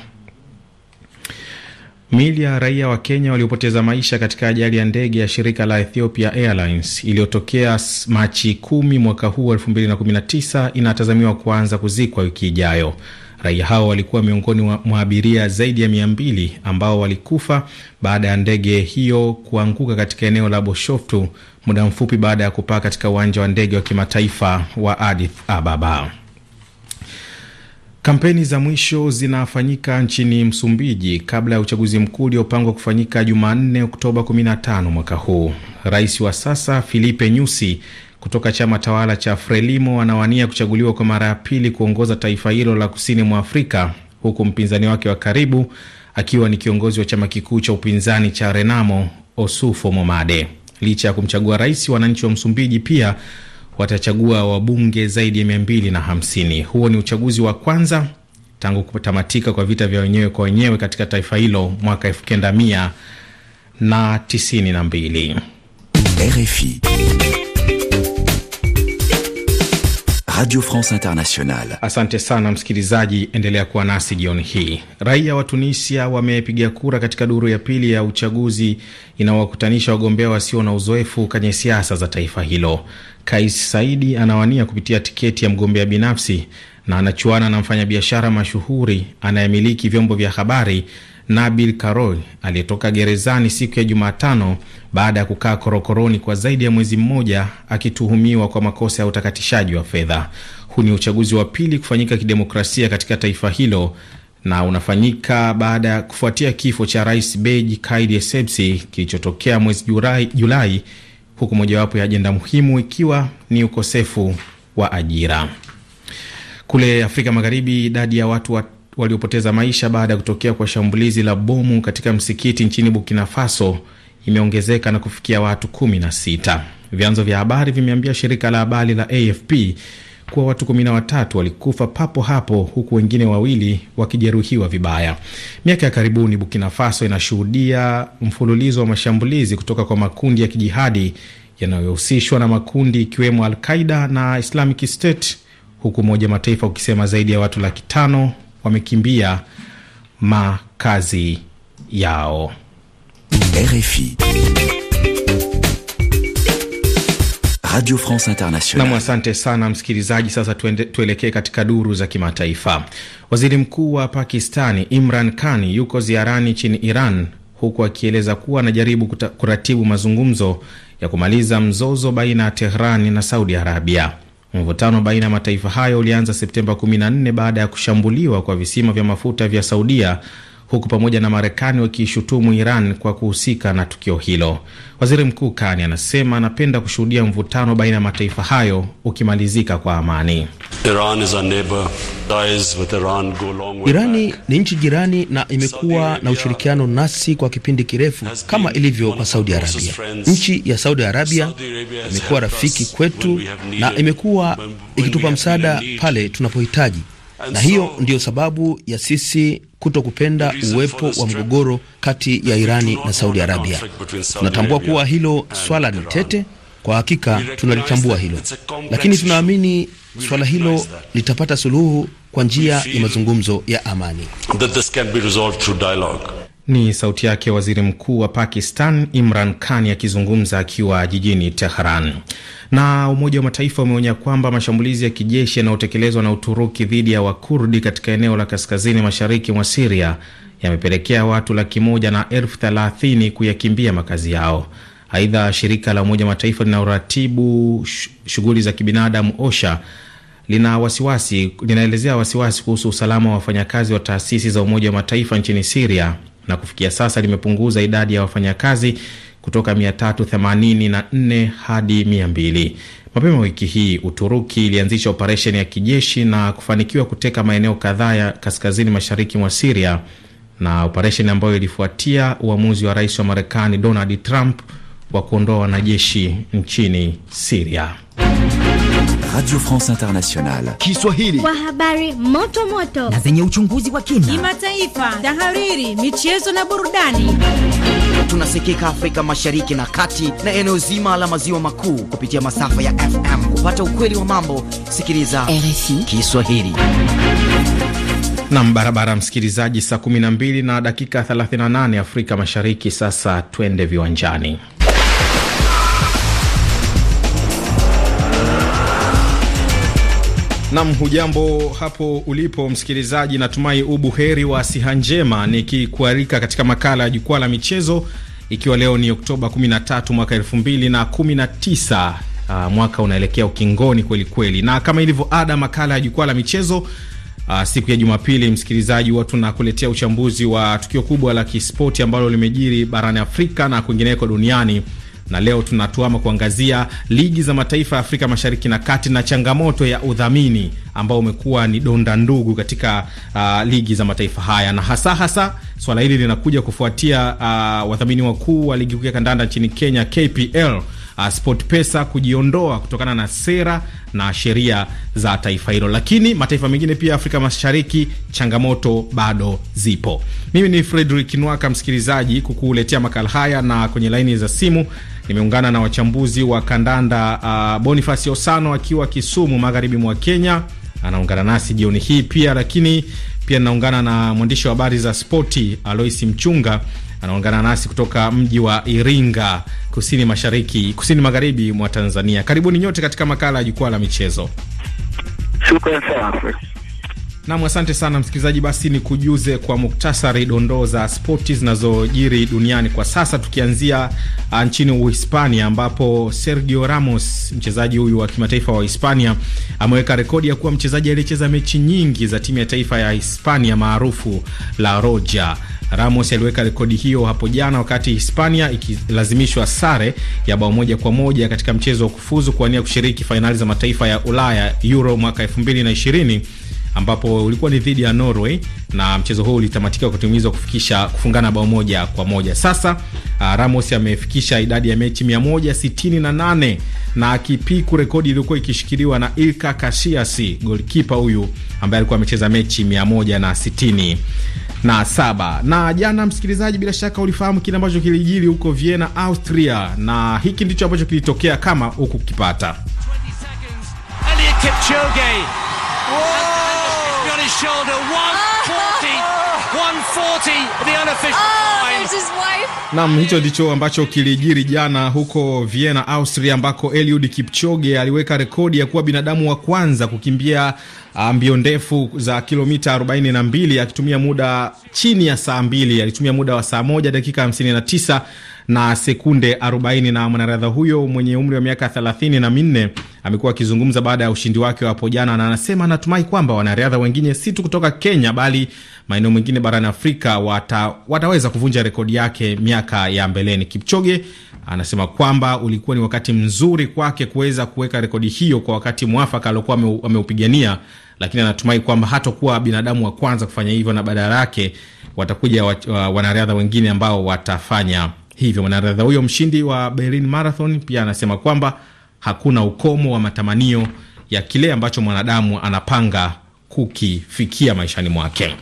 Miili ya raia wa Kenya waliopoteza maisha katika ajali ya ndege ya shirika la Ethiopia Airlines iliyotokea Machi 10 mwaka huu 2019 inatazamiwa kuanza kuzikwa wiki ijayo. Raia hao walikuwa miongoni mwa abiria zaidi ya 200 ambao walikufa baada ya ndege hiyo kuanguka katika eneo la Boshoftu muda mfupi baada ya kupaa katika uwanja wa ndege wa kimataifa wa Addis Ababa. Kampeni za mwisho zinafanyika nchini Msumbiji kabla ya uchaguzi mkuu uliopangwa kufanyika Jumanne, Oktoba 15 mwaka huu. Rais wa sasa Filipe Nyusi kutoka chama tawala cha Frelimo anawania kuchaguliwa kwa mara ya pili kuongoza taifa hilo la kusini mwa Afrika, huku mpinzani wake wa karibu akiwa ni kiongozi wa chama kikuu cha upinzani cha Renamo Osufo Momade. Licha ya kumchagua rais, wananchi wa Msumbiji pia watachagua wabunge zaidi ya 250. Huo ni uchaguzi wa kwanza tangu kutamatika kwa vita vya wenyewe kwa wenyewe katika taifa hilo mwaka 1992. RFI Radio France Internationale. Asante sana msikilizaji, endelea kuwa nasi jioni hii. Raia wa Tunisia wamepiga kura katika duru ya pili ya uchaguzi inayowakutanisha wagombea wasio na uzoefu kwenye siasa za taifa hilo. Kais Saidi anawania kupitia tiketi ya mgombea binafsi na anachuana na mfanyabiashara mashuhuri anayemiliki vyombo vya habari Nabil Karoui aliyetoka gerezani siku ya Jumatano baada ya kukaa korokoroni kwa zaidi ya mwezi mmoja akituhumiwa kwa makosa ya utakatishaji wa fedha. Huu ni uchaguzi wa pili kufanyika kidemokrasia katika taifa hilo na unafanyika baada ya kufuatia kifo cha Rais Beji Kaidi Essebsi kilichotokea mwezi Julai, Julai, huku mojawapo ya ajenda muhimu ikiwa ni ukosefu wa ajira. Kule Afrika Magharibi, idadi ya watu wa waliopoteza maisha baada ya kutokea kwa shambulizi la bomu katika msikiti nchini Burkina Faso imeongezeka na kufikia watu 16. Vyanzo vya habari vimeambia shirika la habari la AFP kuwa watu 13 walikufa papo hapo huku wengine wawili wakijeruhiwa vibaya. Miaka ya karibuni, Burkina Faso inashuhudia mfululizo wa mashambulizi kutoka kwa makundi ya kijihadi yanayohusishwa na makundi ikiwemo Al Qaida na Islamic State, huku Umoja Mataifa ukisema zaidi ya watu laki tano wamekimbia makazi yao. RFI Radio France Internationale. Nam, asante sana msikilizaji. Sasa tuelekee katika duru za kimataifa. Waziri mkuu wa Pakistani Imran Khan yuko ziarani nchini Iran, huku akieleza kuwa anajaribu kuratibu mazungumzo ya kumaliza mzozo baina ya Tehran na Saudi Arabia. Mvutano baina ya mataifa hayo ulianza Septemba 14 baada ya kushambuliwa kwa visima vya mafuta vya Saudia huku pamoja na Marekani wakiishutumu Iran kwa kuhusika na tukio hilo. Waziri Mkuu Kani anasema anapenda kushuhudia mvutano baina ya mataifa hayo ukimalizika kwa amani. Iran is Iran Irani ni nchi jirani na imekuwa na ushirikiano nasi kwa kipindi kirefu kama ilivyo kwa Saudi Arabia. Nchi ya Saudi Arabia imekuwa rafiki kwetu na imekuwa ikitupa msaada pale tunapohitaji na hiyo ndiyo sababu ya sisi kuto kupenda uwepo wa mgogoro kati ya Irani na Saudi Arabia. Tunatambua kuwa hilo swala ni tete, kwa hakika tunalitambua hilo, lakini tunaamini swala hilo litapata suluhu kwa njia ya mazungumzo ya amani. Ni sauti yake waziri mkuu wa Pakistan Imran Khan akizungumza akiwa jijini Tehran. Na Umoja wa Mataifa umeonya kwamba mashambulizi ya kijeshi yanayotekelezwa na Uturuki dhidi ya Wakurdi katika eneo la kaskazini mashariki mwa Siria yamepelekea watu laki moja na elfu thelathini kuyakimbia makazi yao. Aidha, shirika la Umoja wa Mataifa linaloratibu shughuli za kibinadamu OSHA lina wasiwasi, linaelezea wasiwasi kuhusu usalama wa wafanyakazi wa taasisi za Umoja wa Mataifa nchini Siria na kufikia sasa limepunguza idadi ya wafanyakazi kutoka 384 hadi 200. Mapema wiki hii Uturuki ilianzisha operesheni ya kijeshi na kufanikiwa kuteka maeneo kadhaa ya kaskazini mashariki mwa Siria, na operesheni ambayo ilifuatia uamuzi wa rais wa Marekani Donald Trump wa kuondoa wanajeshi nchini Siria. Radio France Internationale. Kiswahili. Kwa habari moto moto na zenye uchunguzi wa kina, kimataifa, tahariri, michezo na burudani. Tunasikika Afrika Mashariki na Kati na eneo zima la maziwa makuu kupitia masafa ya FM. Kupata ukweli wa mambo, sikiliza RFI Kiswahili. Nam barabara, msikilizaji, saa 12 na dakika 38 Afrika Mashariki. Sasa twende viwanjani. Nam, hujambo hapo ulipo msikilizaji, natumai ubuheri wa siha njema, nikikualika katika makala ya jukwaa la michezo, ikiwa leo ni Oktoba 13 mwaka 2019. Uh, ah, mwaka unaelekea ukingoni kweli kweli, na kama ilivyo ada, makala ya jukwaa la michezo uh, siku ya Jumapili, msikilizaji, huwa tunakuletea uchambuzi wa tukio kubwa la kispoti ambalo limejiri barani Afrika na kwingineko duniani na leo tunatuama kuangazia ligi za mataifa ya Afrika Mashariki na Kati na changamoto ya udhamini ambao umekuwa ni donda ndugu katika uh, ligi za mataifa haya, na hasa hasa swala hili linakuja kufuatia uh, wadhamini wakuu wa ligi kuu ya kandanda nchini Kenya KPL Uh, Sport Pesa kujiondoa kutokana na sera na sheria za taifa hilo, lakini mataifa mengine pia Afrika Mashariki changamoto bado zipo. Mimi ni Fredrick Nwaka, msikilizaji, kukuletea makala haya na kwenye laini za simu Nimeungana na wachambuzi wa kandanda uh, Boniface Osano akiwa Kisumu, magharibi mwa Kenya, anaungana nasi jioni hii pia, lakini pia naungana na mwandishi wa habari za spoti Alois Mchunga anaungana nasi kutoka mji wa Iringa, kusini mashariki, kusini magharibi mwa Tanzania. Karibuni nyote katika makala ya jukwaa la michezo. Shukrani sana. Nam, asante sana msikilizaji. Basi ni kujuze kwa muktasari dondoo za spoti zinazojiri duniani kwa sasa, tukianzia ah, nchini Uhispania ambapo Sergio Ramos, mchezaji huyu wa kimataifa wa Hispania, ameweka rekodi ya kuwa mchezaji aliyecheza mechi nyingi za timu ya taifa ya Hispania maarufu La Roja. Ramos aliweka rekodi hiyo hapo jana wakati Hispania ikilazimishwa sare ya bao moja kwa moja katika mchezo wa kufuzu kuwania kushiriki fainali za mataifa ya Ulaya Euro mwaka 2020 ambapo ulikuwa ni dhidi ya Norway na mchezo huo ulitamatika kutimizwa kufikisha kufungana bao moja kwa moja. Sasa uh, Ramos amefikisha idadi ya mechi 168 na akipiku rekodi iliyokuwa ikishikiliwa na Ilka Kashias, golkipa huyu ambaye alikuwa amecheza mechi 160 na saba. Na jana, msikilizaji, bila shaka ulifahamu kile ambacho kilijiri huko Vienna, Austria, na hiki ndicho ambacho kilitokea kama huku kipata his shoulder. 140, 140 the unofficial oh, nam. Hicho ndicho ambacho kilijiri jana huko Vienna, Austria, ambako Eliud Kipchoge aliweka rekodi ya kuwa binadamu wa kwanza kukimbia ah, mbio ndefu za kilomita 42 akitumia muda chini ya saa mbili. Alitumia muda wa saa moja dakika 59 na sekunde 40, na mwanariadha huyo mwenye umri wa miaka 30 na minne amekuwa akizungumza baada ya ushindi wake wa hapo jana, na anasema anatumai kwamba wanariadha wengine si tu kutoka Kenya bali maeneo mengine barani Afrika wata, wataweza kuvunja rekodi yake miaka ya mbeleni. Kipchoge anasema kwamba ulikuwa ni wakati mzuri kwake kuweza kuweka rekodi hiyo kwa wakati mwafaka aliokuwa ameupigania, lakini anatumai kwamba hatakuwa binadamu wa kwanza kufanya hivyo, na badala yake watakuja wanariadha wengine ambao watafanya hivyo. Mwanariadha huyo mshindi wa Berlin Marathon pia anasema kwamba hakuna ukomo wa matamanio ya kile ambacho mwanadamu anapanga kukifikia maishani mwake.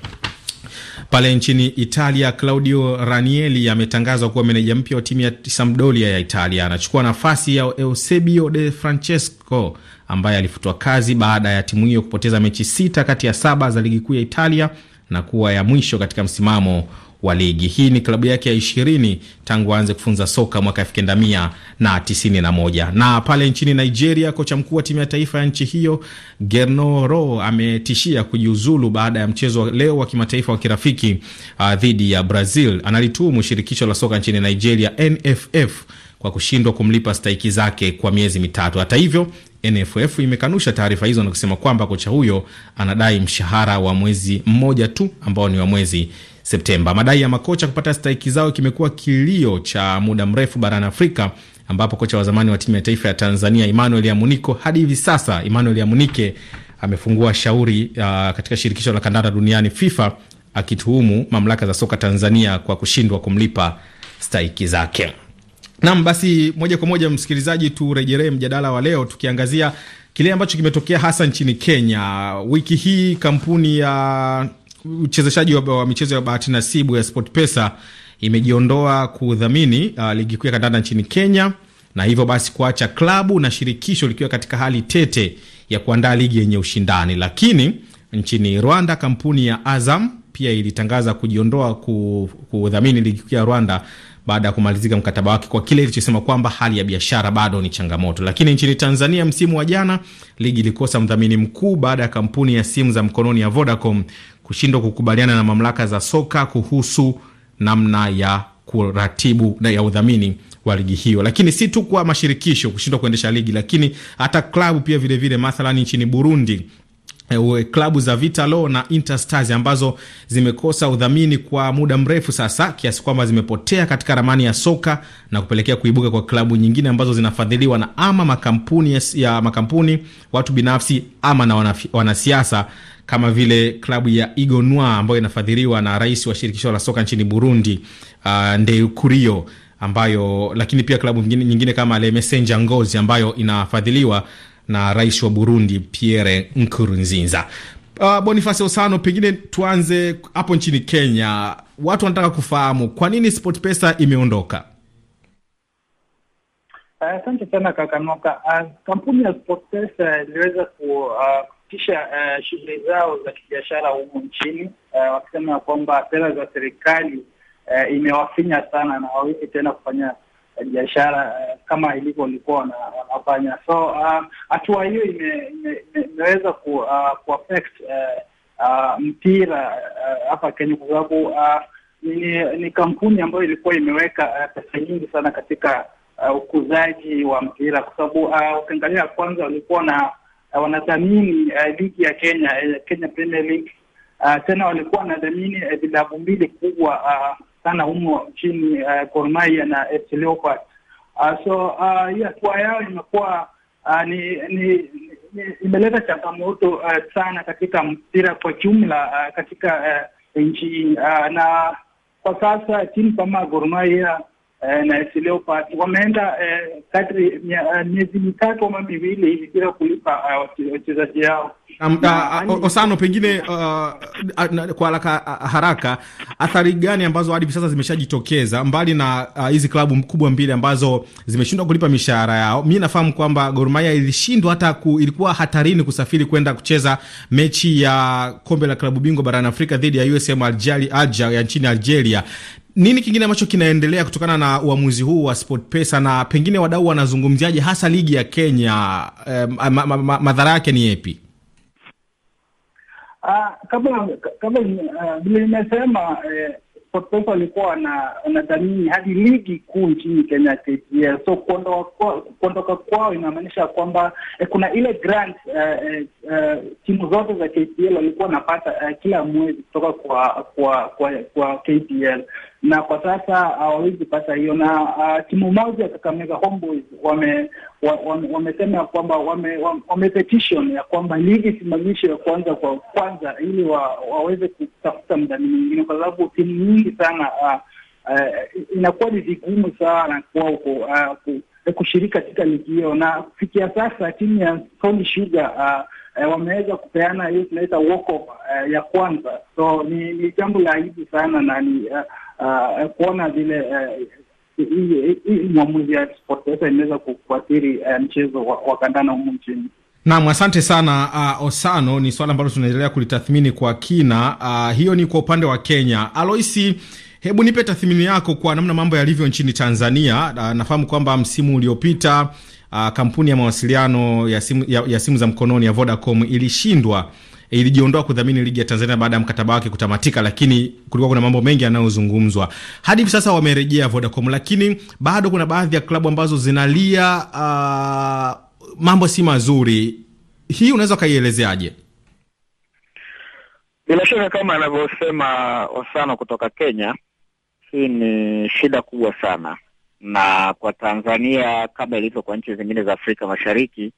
Pale nchini Italia, Claudio Ranieri ametangazwa kuwa meneja mpya wa timu ya Sampdoria ya Italia. Anachukua nafasi ya Eusebio De Francesco ambaye alifutwa kazi baada ya timu hiyo kupoteza mechi sita kati ya saba za ligi kuu ya Italia na kuwa ya mwisho katika msimamo wa ligi. Hii ni klabu yake ya ishirini tangu aanze kufunza soka mwaka elfu kenda mia na tisini na moja. Na pale nchini Nigeria, kocha mkuu wa timu ya taifa ya nchi hiyo Gernoro ametishia kujiuzulu baada ya mchezo leo wa kimataifa wa kirafiki uh, dhidi ya Brazil. Analitumu shirikisho la soka nchini Nigeria NFF kwa kushindwa kumlipa stahiki zake kwa miezi mitatu. Hata hivyo NFF imekanusha taarifa hizo na kusema kwamba kocha huyo anadai mshahara wa mwezi mmoja tu ambao ni wa mwezi Septemba. Madai ya makocha kupata stahiki zao kimekuwa kilio cha muda mrefu barani Afrika, ambapo kocha wa zamani wa timu ya taifa ya Tanzania Emmanuel Amuniko hadi hivi sasa Emmanuel Amunike amefungua shauri uh, katika shirikisho la kandanda duniani FIFA akituhumu mamlaka za soka Tanzania kwa kushindwa kumlipa stahiki zake. Nam, basi moja kwa moja msikilizaji, turejelee mjadala wa leo tukiangazia kile ambacho kimetokea hasa nchini Kenya wiki hii. Kampuni ya uchezeshaji wa, wa michezo ya bahati nasibu ya Sport Pesa imejiondoa kudhamini uh, ligi kuu ya kandanda nchini Kenya na hivyo basi kuacha klabu na shirikisho likiwa katika hali tete ya kuandaa ligi yenye ushindani. Lakini nchini Rwanda, kampuni ya Azam pia ilitangaza kujiondoa kudhamini ligi kuu ya Rwanda baada ya kumalizika mkataba wake kwa kile ilichosema kwamba hali ya biashara bado ni changamoto. Lakini nchini Tanzania, msimu wa jana ligi ilikosa mdhamini mkuu baada ya kampuni ya simu za mkononi ya Vodacom kushindwa kukubaliana na mamlaka za soka kuhusu namna ya kuratibu na ya udhamini wa ligi hiyo, lakini si tu kwa mashirikisho kushindwa kuendesha ligi, lakini hata klabu pia vilevile, mathalani nchini Burundi Eh, klabu za Vitalo na Interstars ambazo zimekosa udhamini kwa muda mrefu sasa, kiasi kwamba zimepotea katika ramani ya soka na kupelekea kuibuka kwa klabu nyingine ambazo zinafadhiliwa na ama makampuni ya makampuni, watu binafsi ama na wanasiasa kama vile klabu ya Eagle Noir ambayo inafadhiliwa na rais wa shirikisho la soka nchini Burundi, uh, Ndeukurio ambayo lakini pia klabu nyingine kama Le Messenger Ngozi ambayo inafadhiliwa na rais wa Burundi Pierre Nkurunziza. Uh, Boniface Osano, pengine tuanze hapo nchini Kenya. Watu wanataka kufahamu kwa nini SportPesa imeondoka. Asante uh, sana Kakanoka. Uh, ah, kampuni ya SportPesa iliweza ah, kufikisha uh, uh, shughuli zao za kibiashara humu nchini uh, wakisema kwamba sera za serikali uh, imewafinya sana na hawawezi tena kufanya biashara eh, kama ilivyo walikuwa wanafanya. So ah, hatua uh, hiyo imeweza ku, uh, ku affect uh, uh, mpira eh, hapa uh, Kenya kwa sababu uh, ni, ni kampuni ambayo ilikuwa imeweka uh, pesa nyingi sana katika uh, ukuzaji wa mpira kwa sababu uh, ukiangalia kwanza walikuwa na uh, wanadhamini uh, ligi ya Kenya uh, Kenya Premier League uh, tena walikuwa wanadhamini uh, vilabu mbili kubwa uh, sana humo chini uh, Gor Mahia na FC Leopards uh, ah, so uh, hatua yao imekuwa uh, ni, ni imeleta changamoto uh, sana katika mpira kwa jumla uh, katika uh, nchi uh, na kwa sasa timu kama Gor Mahia eh, na AFC Leopards wameenda eh, kadri eh, miezi uh, mitatu ama miwili hivi bila kulipa eh, wachezaji yao. Ah, Osano, pengine uh, ah, kwa haraka ah, haraka, athari gani ambazo hadi hivi sasa zimeshajitokeza mbali na hizi uh, klabu kubwa mbili ambazo zimeshindwa kulipa mishahara yao? Mi nafahamu kwamba Gor Mahia ilishindwa hata ku, ilikuwa hatarini kusafiri kwenda kucheza mechi ya kombe la klabu bingwa barani Afrika dhidi ya USM Algeria ya nchini Algeria, nini kingine ambacho kinaendelea kutokana na uamuzi huu wa SportPesa na pengine wadau wanazungumziaje hasa ligi ya Kenya eh, ma, ma, ma, madhara yake ni yepi? Uh, kama kama eh, vile uh, nimesema eh, SportPesa walikuwa wanadhamini hadi ligi kuu nchini Kenya KPL, so kuondoka kwao inamaanisha kwamba eh, kuna ile grant eh, eh, eh, timu zote za KPL walikuwa wanapata eh, kila mwezi kutoka kwa kwa kwa, kwa KPL na kwa sasa ah, hawawezi pata hiyo. Na uh, timu moja Kakamega Homeboys wame wamesema ya kwamba wame, wame petition ya kwamba ligi simamishwe ya kwanza kwa kwanza, ili wa, waweze kutafuta mdhamini mwingine, kwa sababu timu nyingi sana uh, uh, inakuwa ni vigumu sana kwao uh, kushiriki katika ligi hiyo, na kufikia sasa timu ya Sony Sugar uh, wameweza kupeana hiyo tunaita walk off ya kwanza, so ni, ni jambo la aibu sana na ni, uh, uh, kuona vile eh, hii mwamuzi ya pesa imeweza kuathiri eh, mchezo wa, kandana kandanda humu nchini. Naam, asante sana uh, Osano. Ni swala ambalo tunaendelea kulitathmini kwa kina. Uh, hiyo ni kwa upande wa Kenya. Aloisi, hebu nipe tathmini yako kwa namna mambo yalivyo nchini Tanzania. Uh, nafahamu kwamba msimu uliopita uh, kampuni ya mawasiliano ya simu, ya, ya simu za mkononi ya Vodacom ilishindwa ilijiondoa kudhamini ligi ya Tanzania baada ya mkataba wake kutamatika, lakini kulikuwa kuna mambo mengi yanayozungumzwa. Hadi hivi sasa wamerejea Vodacom, lakini bado kuna baadhi ya klabu ambazo zinalia uh, mambo si mazuri. Hii unaweza ukaielezeaje? Bila shaka kama anavyosema Osano kutoka Kenya, hii ni shida kubwa sana, na kwa Tanzania kama ilivyo kwa nchi zingine za Afrika Mashariki,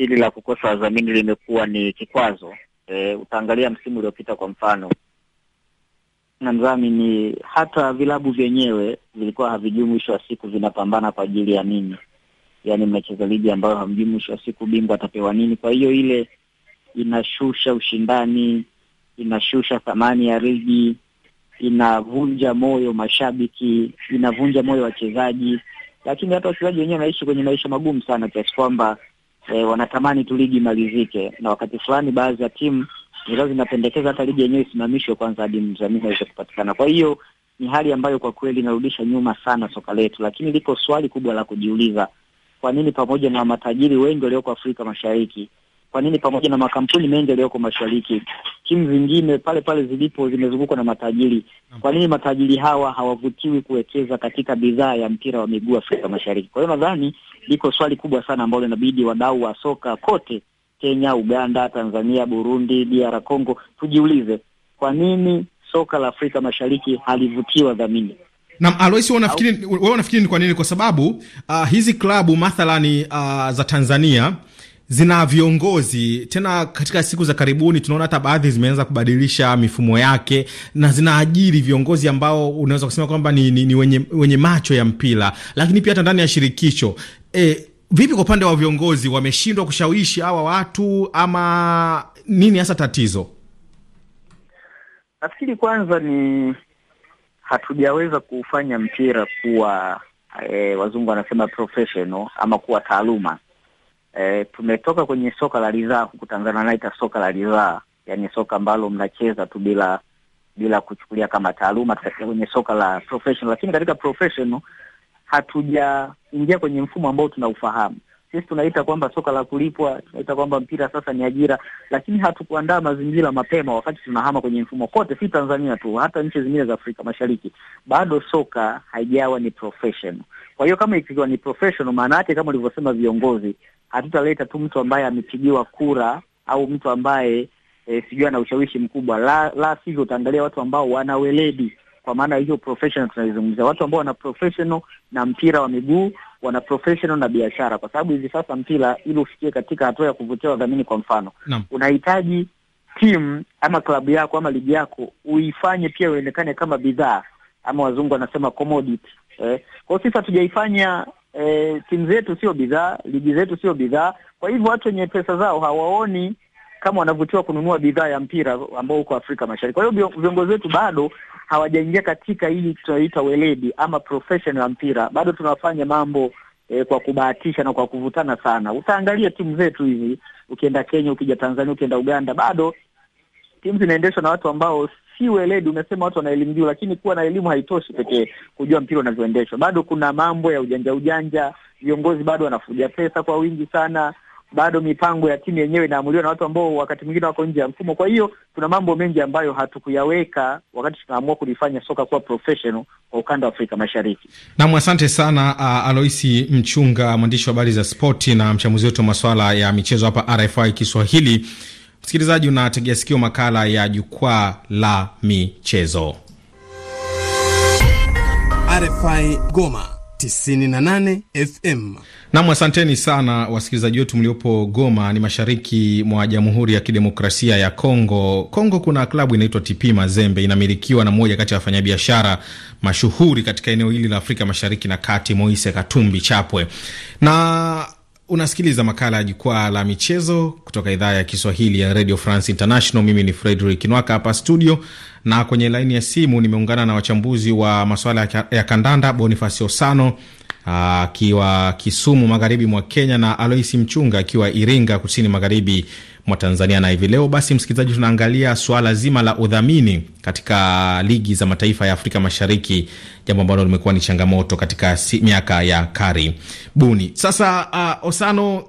hili la kukosa wadhamini limekuwa ni kikwazo. E, utaangalia msimu uliopita kwa mfano na mdhamini, hata vilabu vyenyewe vilikuwa havijui mwisho wa siku vinapambana kwa ajili ya nini. Yaani mnacheza ligi ambayo hamjui mwisho wa siku bingwa atapewa nini. Kwa hiyo ile inashusha ushindani, inashusha thamani ya ligi, inavunja moyo mashabiki, inavunja moyo wachezaji, lakini hata wachezaji wenyewe wanaishi kwenye maisha magumu sana, kiasi kwamba e, wanatamani tu ligi imalizike, na wakati fulani baadhi ya timu zilikuwa zinapendekeza hata ligi yenyewe isimamishwe kwanza hadi mzamini aweze kupatikana. Kwa hiyo ni hali ambayo kwa kweli inarudisha nyuma sana soka letu, lakini liko swali kubwa la kujiuliza, kwa nini pamoja na matajiri wengi walioko Afrika Mashariki kwa nini? Pamoja na makampuni mengi yaliyoko mashariki, timu zingine pale pale zilipo zimezungukwa na matajiri. Kwa nini matajiri hawa hawavutiwi kuwekeza katika bidhaa ya mpira wa miguu Afrika Mashariki? Kwa hiyo nadhani liko swali kubwa sana ambalo linabidi wadau wa soka kote Kenya, Uganda, Tanzania, Burundi, DR Congo tujiulize, kwa nini soka la Afrika Mashariki halivutiwa dhamini? Na Alois, wewe unafikiri ni kwa nini? Kwa sababu uh, hizi klabu mathalani uh, za Tanzania zina viongozi tena. Katika siku za karibuni tunaona hata baadhi zimeanza kubadilisha mifumo yake na zinaajiri viongozi ambao unaweza kusema kwamba ni, ni, ni wenye, wenye macho ya mpira, lakini pia hata ndani ya shirikisho e, vipi kwa upande wa viongozi, wameshindwa kushawishi hawa watu ama nini hasa tatizo? Nafikiri kwanza ni hatujaweza kufanya mpira kuwa e, wazungu wanasema professional ama kuwa taaluma e, tumetoka kwenye soka la ridhaa huku Tanzania naita soka la ridhaa, yani soka ambalo mnacheza tu bila bila kuchukulia kama taaluma, tutafikia kwenye soka la professional. Lakini katika professional hatujaingia kwenye mfumo ambao tunaufahamu sisi. Tunaita kwamba soka la kulipwa, tunaita kwamba mpira sasa ni ajira, lakini hatukuandaa mazingira mapema wakati tunahama kwenye mfumo kote, si Tanzania tu, hata nchi zingine za Afrika Mashariki bado soka haijawa ni professional. Kwa hiyo kama ikiwa ni professional, maana yake kama ulivyosema viongozi, hatutaleta tu mtu ambaye amepigiwa kura au mtu ambaye e, sijui ana ushawishi mkubwa, la, la sivyo utaangalia watu ambao wana weledi kwa maana hiyo professional tunaizungumzia, watu ambao wana professional na mpira wa miguu, wana professional na biashara, kwa sababu hivi sasa mpira, ili ufikie katika hatua ya kuvutia wadhamini, kwa mfano no. unahitaji timu ama klabu yako ama ligi yako uifanye pia uonekane kama bidhaa ama wazungu wanasema commodity eh. Kwa hiyo sisi hatujaifanya eh, timu zetu sio bidhaa, ligi zetu sio bidhaa. Kwa hivyo watu wenye pesa zao hawaoni kama wanavutiwa kununua bidhaa ya mpira ambao huko Afrika Mashariki. Kwa hiyo viongozi wetu bado hawajaingia katika hii tunaita weledi ama profession ya mpira, bado tunafanya mambo eh, kwa kubahatisha na kwa kuvutana sana. Utaangalia timu zetu hizi, ukienda Kenya, ukija Tanzania, ukienda Uganda, bado timu zinaendeshwa na watu ambao si weledi. Umesema watu wana elimu juu, lakini kuwa na elimu haitoshi pekee kujua mpira unavyoendeshwa. Bado kuna mambo ya ujanja ujanja, viongozi bado wanafuja pesa kwa wingi sana, bado mipango ya timu yenyewe inaamuliwa na watu ambao wakati mwingine wako nje ya mfumo. Kwa hiyo kuna mambo mengi ambayo hatukuyaweka wakati tunaamua kulifanya soka kuwa professional kwa ukanda wa Afrika Mashariki. Nam, asante sana uh, Aloisi Mchunga, mwandishi wa habari za spoti na mchambuzi wetu wa masuala ya michezo hapa RFI Kiswahili. Msikilizaji, unategea sikio makala ya jukwaa la michezo. RFI Goma 98 FM. Nam, asanteni sana wasikilizaji wetu mliopo Goma, ni mashariki mwa Jamhuri ya Kidemokrasia ya Kongo. Kongo kuna klabu inaitwa TP Mazembe, inamilikiwa na mmoja kati ya wafanyabiashara mashuhuri katika eneo hili la Afrika Mashariki na Kati, Moise Katumbi Chapwe, na Unasikiliza makala ya jukwaa la michezo kutoka idhaa ya Kiswahili ya Radio France International. Mimi ni Fredrick Nwaka hapa studio, na kwenye laini ya simu nimeungana na wachambuzi wa masuala ya kandanda, Bonifasio Osano akiwa Kisumu, magharibi mwa Kenya, na Aloisi Mchunga akiwa Iringa, kusini magharibi mwa Tanzania. Na hivi leo basi, msikilizaji, tunaangalia suala zima la udhamini katika ligi za mataifa ya Afrika Mashariki, jambo ambalo limekuwa ni changamoto katika si, miaka ya karibuni. Sasa uh, Osano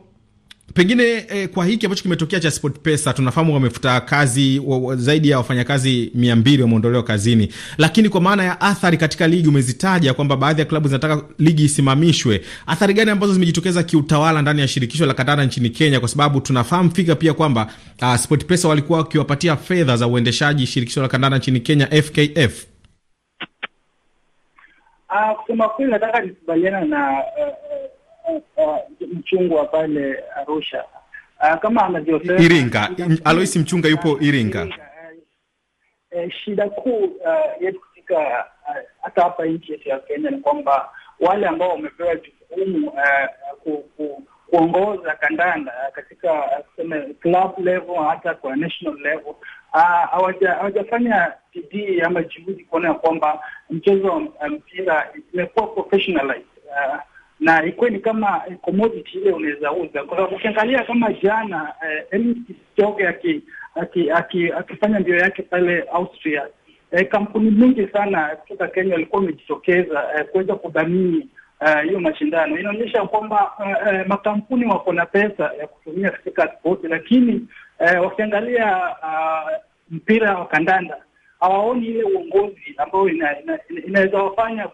Pengine eh, kwa hiki ambacho kimetokea cha pesa tunafahamu wamefuta kazi wa, wa, zaidi ya wafanyakazi mia mbili wameondolewa kazini, lakini kwa maana ya athari katika ligi umezitaja kwamba baadhi ya klabu zinataka ligi isimamishwe. Athari gani ambazo zimejitokeza kiutawala ndani ya shirikisho la kandanda nchini Kenya? Kwa sababu tunafahamu fika pia kwamba uh, ah, pesa walikuwa wakiwapatia fedha za uendeshaji shirikisho la kandanda nchini Kenya FKF. Uh, ah, kusema kweli nataka nikubaliana na uh, Mchungwa pale Arusha, uh, kama anavyosema Iringa. Aloisi Mchunga yupo Iringa. Uh, uh, shida kuu uh, yetu katika uh, hata hapa nchi yetu ya Kenya ni kwamba wale ambao wamepewa jukumu uh, ku, ku, kuongoza kandanda katika tuseme club level hata kwa national level hawajafanya uh, bidii ama juhudi kuona ya kwamba mchezo wa mpira imekuwa professionalized uh, na ikuwe ni kama eh, commodity ile unaweza uza, kwa sababu ukiangalia kama jana eh, akifanya mbio yake pale Austria eh, kampuni nyingi sana kutoka Kenya walikuwa wamejitokeza eh, kuweza kudhamini eh, hiyo uh, mashindano inaonyesha kwamba uh, uh, makampuni wako na pesa ya kutumia katika spoti, lakini uh, wakiangalia uh, mpira wa kandanda hawaoni ile uongozi ambayo inaweza ina, ina, ina wafanya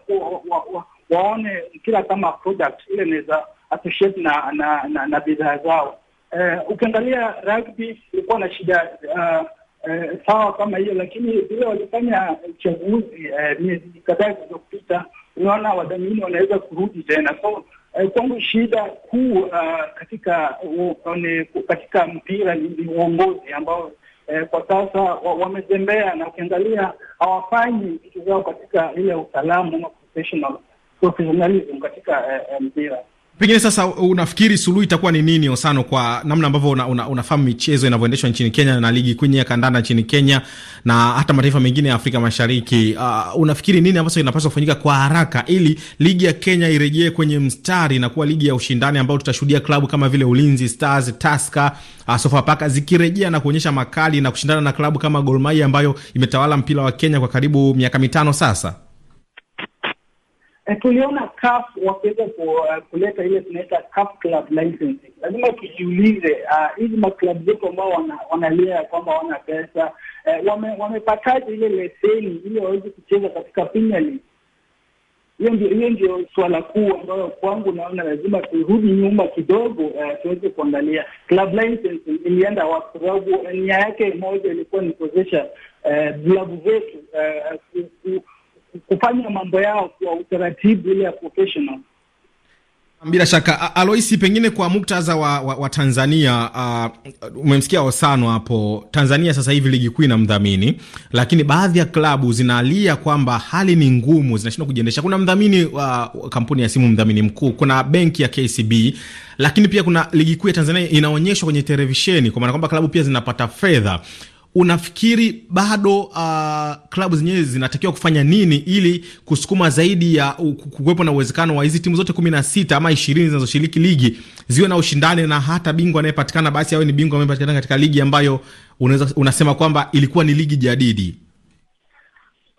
waone kila kama product ile inaweza associate na na, na, na bidhaa zao. Uh, ukiangalia rugby ilikuwa na shida uh, uh, sawa kama hiyo, lakini vile walifanya uchaguzi uh, miezi kadhaa zilizopita, unaona wadhamini wanaweza kurudi tena. So uh, kwangu shida kuu uh, katika uh, katika mpira ni uongozi ambao Eh, kwa sasa wamezembea na ukiangalia hawafanyi vitu zao katika ile usalama na professional professionalism katika eh, eh, mpira. pengine sasa unafikiri suluhu itakuwa ni nini, Osano, kwa namna ambavyo una, una, unafahamu michezo inavyoendeshwa nchini Kenya na ligi kuu ya kandanda nchini Kenya na hata mataifa mengine ya Afrika Mashariki? Uh, unafikiri nini ambacho inapaswa kufanyika kwa haraka ili ligi ya Kenya irejee kwenye mstari na kuwa ligi ya ushindani ambayo tutashuhudia klabu kama vile Ulinzi Stars, Tusker, uh, Sofapaka zikirejea na kuonyesha makali na kushindana na klabu kama Gor Mahia ambayo imetawala mpira wa Kenya kwa karibu miaka mitano sasa? Eh, tuliona CAF wakiweza eh, kuleta ile tunaita CAF club licensing. Lazima tujiulize ah, hizi uh, maklabu zetu ambao wana, wanalia ya kwamba wana pesa uh, wame, wamepataje ile leseni ili waweze kucheza katika Premier League? Hiyo ndio ndio suala kuu ambayo kwangu naona lazima turudi nyuma kidogo, uh, tuweze kuangalia club licensing ilienda wa sababu nia yake moja ilikuwa ni kuwezesha vilabu uh, vyetu uh, kufanya mambo yao kwa utaratibu ile ya professional. Bila shaka Aloisi, pengine kwa muktadha wa, wa, wa Tanzania uh, umemsikia Osano hapo. Tanzania sasa hivi ligi kuu ina mdhamini, lakini baadhi ya klabu zinalia kwamba hali ni ngumu, zinashindwa kujiendesha. Kuna mdhamini wa uh, kampuni ya simu, mdhamini mkuu, kuna benki ya KCB, lakini pia kuna ligi kuu ya Tanzania inaonyeshwa kwenye televisheni, kwa maana kwamba klabu pia zinapata fedha unafikiri bado uh, klabu zenyewe zinatakiwa kufanya nini ili kusukuma zaidi ya kuwepo na uwezekano wa hizi timu zote kumi na sita ama ishirini zinazoshiriki ligi ziwe na ushindani na hata bingwa anayepatikana basi awe ni bingwa anayepatikana katika ligi ambayo unaweza, unasema kwamba ilikuwa ni ligi jadidi.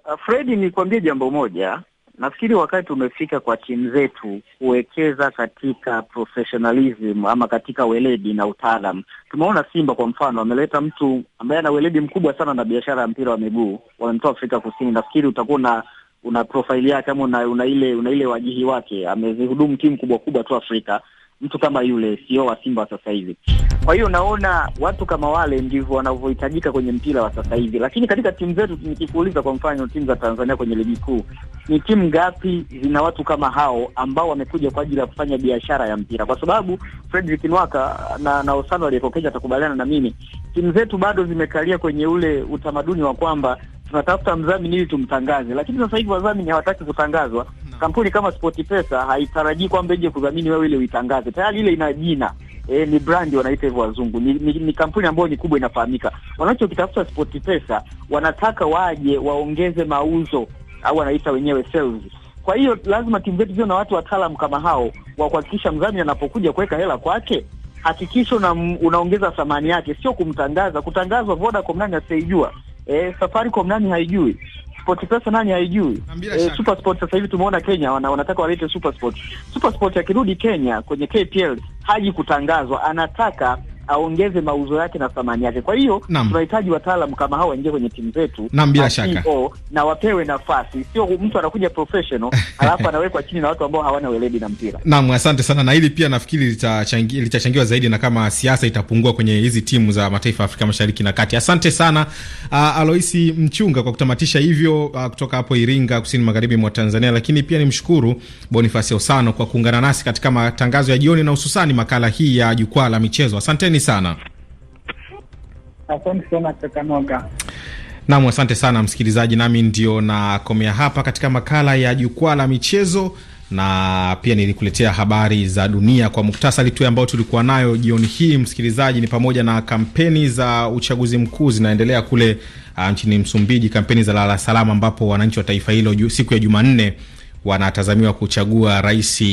Uh, Fredi, nikuambie jambo moja Nafikiri wakati umefika kwa timu zetu kuwekeza katika professionalism ama katika weledi na utaalam. Tumeona Simba kwa mfano, ameleta mtu ambaye ana weledi mkubwa sana na biashara ya mpira wa miguu, wamemtoa Afrika Kusini. Nafikiri utakuwa na una profaili yake ama una, una ile una ile wajihi wake. Amezihudumu timu kubwa kubwa tu Afrika mtu kama yule, sio wa Simba wa sasa hivi. Kwa hiyo naona watu kama wale ndivyo wanavyohitajika kwenye mpira wa sasa hivi, lakini katika timu zetu, nikikuuliza kwa mfano, timu za Tanzania kwenye ligi kuu, ni timu ngapi zina watu kama hao ambao wamekuja kwa ajili ya kufanya biashara ya mpira? Kwa sababu Fredrick Nwaka na, na Osano aliyekokesha atakubaliana na mimi, timu zetu bado zimekalia kwenye ule utamaduni wa kwamba tunatafuta mdhamini ili tumtangaze, lakini sasa hivi wadhamini hawataki kutangazwa kampuni kama SportPesa haitarajii kwamba ije kudhamini wewe ile uitangaze, tayari ile ina jina E, ni brandi wanaita hivyo wazungu. Ni, ni, ni kampuni ambayo ni kubwa inafahamika. Wanachokitafuta SportPesa, wanataka waje waongeze mauzo au wanaita wenyewe sales. Kwa hiyo lazima timu zetu ziwe na watu wataalamu kama hao wa kuhakikisha mdhamini anapokuja kuweka hela kwake, hakikisha una, unaongeza thamani yake, sio kumtangaza. Kutangazwa Vodacom nani asiijua? E, Safaricom nani haijui? Sport Pesa nani haijui? E, Super Sport sasa hivi tumeona Kenya wana, wanataka walete Super Sport. Super Sport akirudi Kenya kwenye KPL haji kutangazwa, anataka aongeze mauzo yake na thamani yake. Kwa hiyo tunahitaji wataalamu kama hao waingie kwenye timu zetu na, bila shaka e na wapewe nafasi, sio mtu anakuja professional alafu anawekwa chini na watu ambao hawana weledi na mpira. Naam, asante sana, na hili pia nafikiri litachangia litachangiwa zaidi na kama siasa itapungua kwenye hizi timu za mataifa Afrika Mashariki na Kati. Asante sana uh, Aloisi Mchunga kwa kutamatisha hivyo uh, kutoka hapo Iringa, kusini magharibi mwa Tanzania, lakini pia nimshukuru Boniface Osano kwa kuungana nasi katika matangazo ya jioni na hususani makala hii ya jukwaa la michezo. Asanteni karibuni sana. Asante sana kaka Noga. asante sana msikilizaji, nami ndio nakomea hapa katika makala ya jukwaa la michezo, na pia nilikuletea habari za dunia kwa muktasari tu ambao tulikuwa nayo jioni hii. Msikilizaji, ni pamoja na kampeni za uchaguzi mkuu zinaendelea kule uh, nchini Msumbiji, kampeni za lala salama, ambapo wananchi wa taifa hilo siku ya Jumanne wanatazamiwa kuchagua rais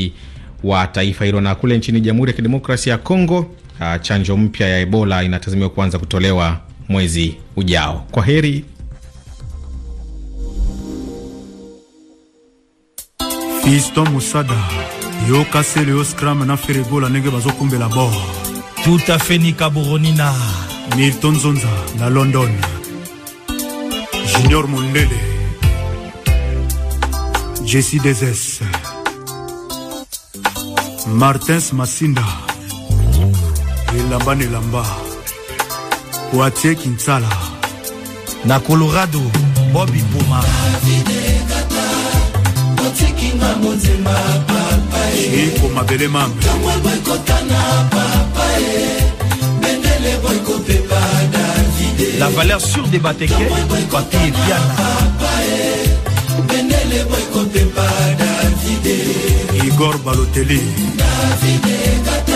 wa taifa hilo, na kule nchini Jamhuri ya Kidemokrasia ya Kongo uh, chanjo mpya ya Ebola inatazamiwa kuanza kutolewa mwezi ujao. Kwa heri. Fisto Musada yo kasele yo scram na ferebola ndenge bazokumbela bor tutafeni kaboronina Milton Zonza na London Junior Mondele Jesse Deses Martins Masinda elamba na elamba watie kinsala na colorado bobi boma iko mabele mambe la valeur sûre des bateke papi et piana igor baloteli Davide,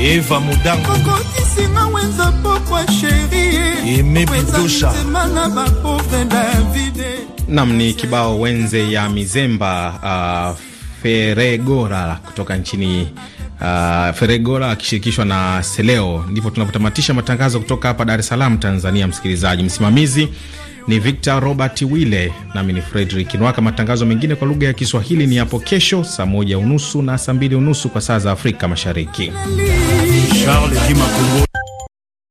Eva Mudango okokisinga wenza pokwa sheri nam ni kibao wenze ya mizemba uh, feregora kutoka nchini Uh, Feregora akishirikishwa na Seleo. ndipo tunapotamatisha matangazo kutoka hapa Dar es Salaam, Tanzania. Msikilizaji, msimamizi ni Victor Robert wille nami ni Fredrik Nwaka. Matangazo mengine kwa lugha ya Kiswahili ni hapo kesho saa moja unusu na saa mbili unusu kwa saa za Afrika Mashariki.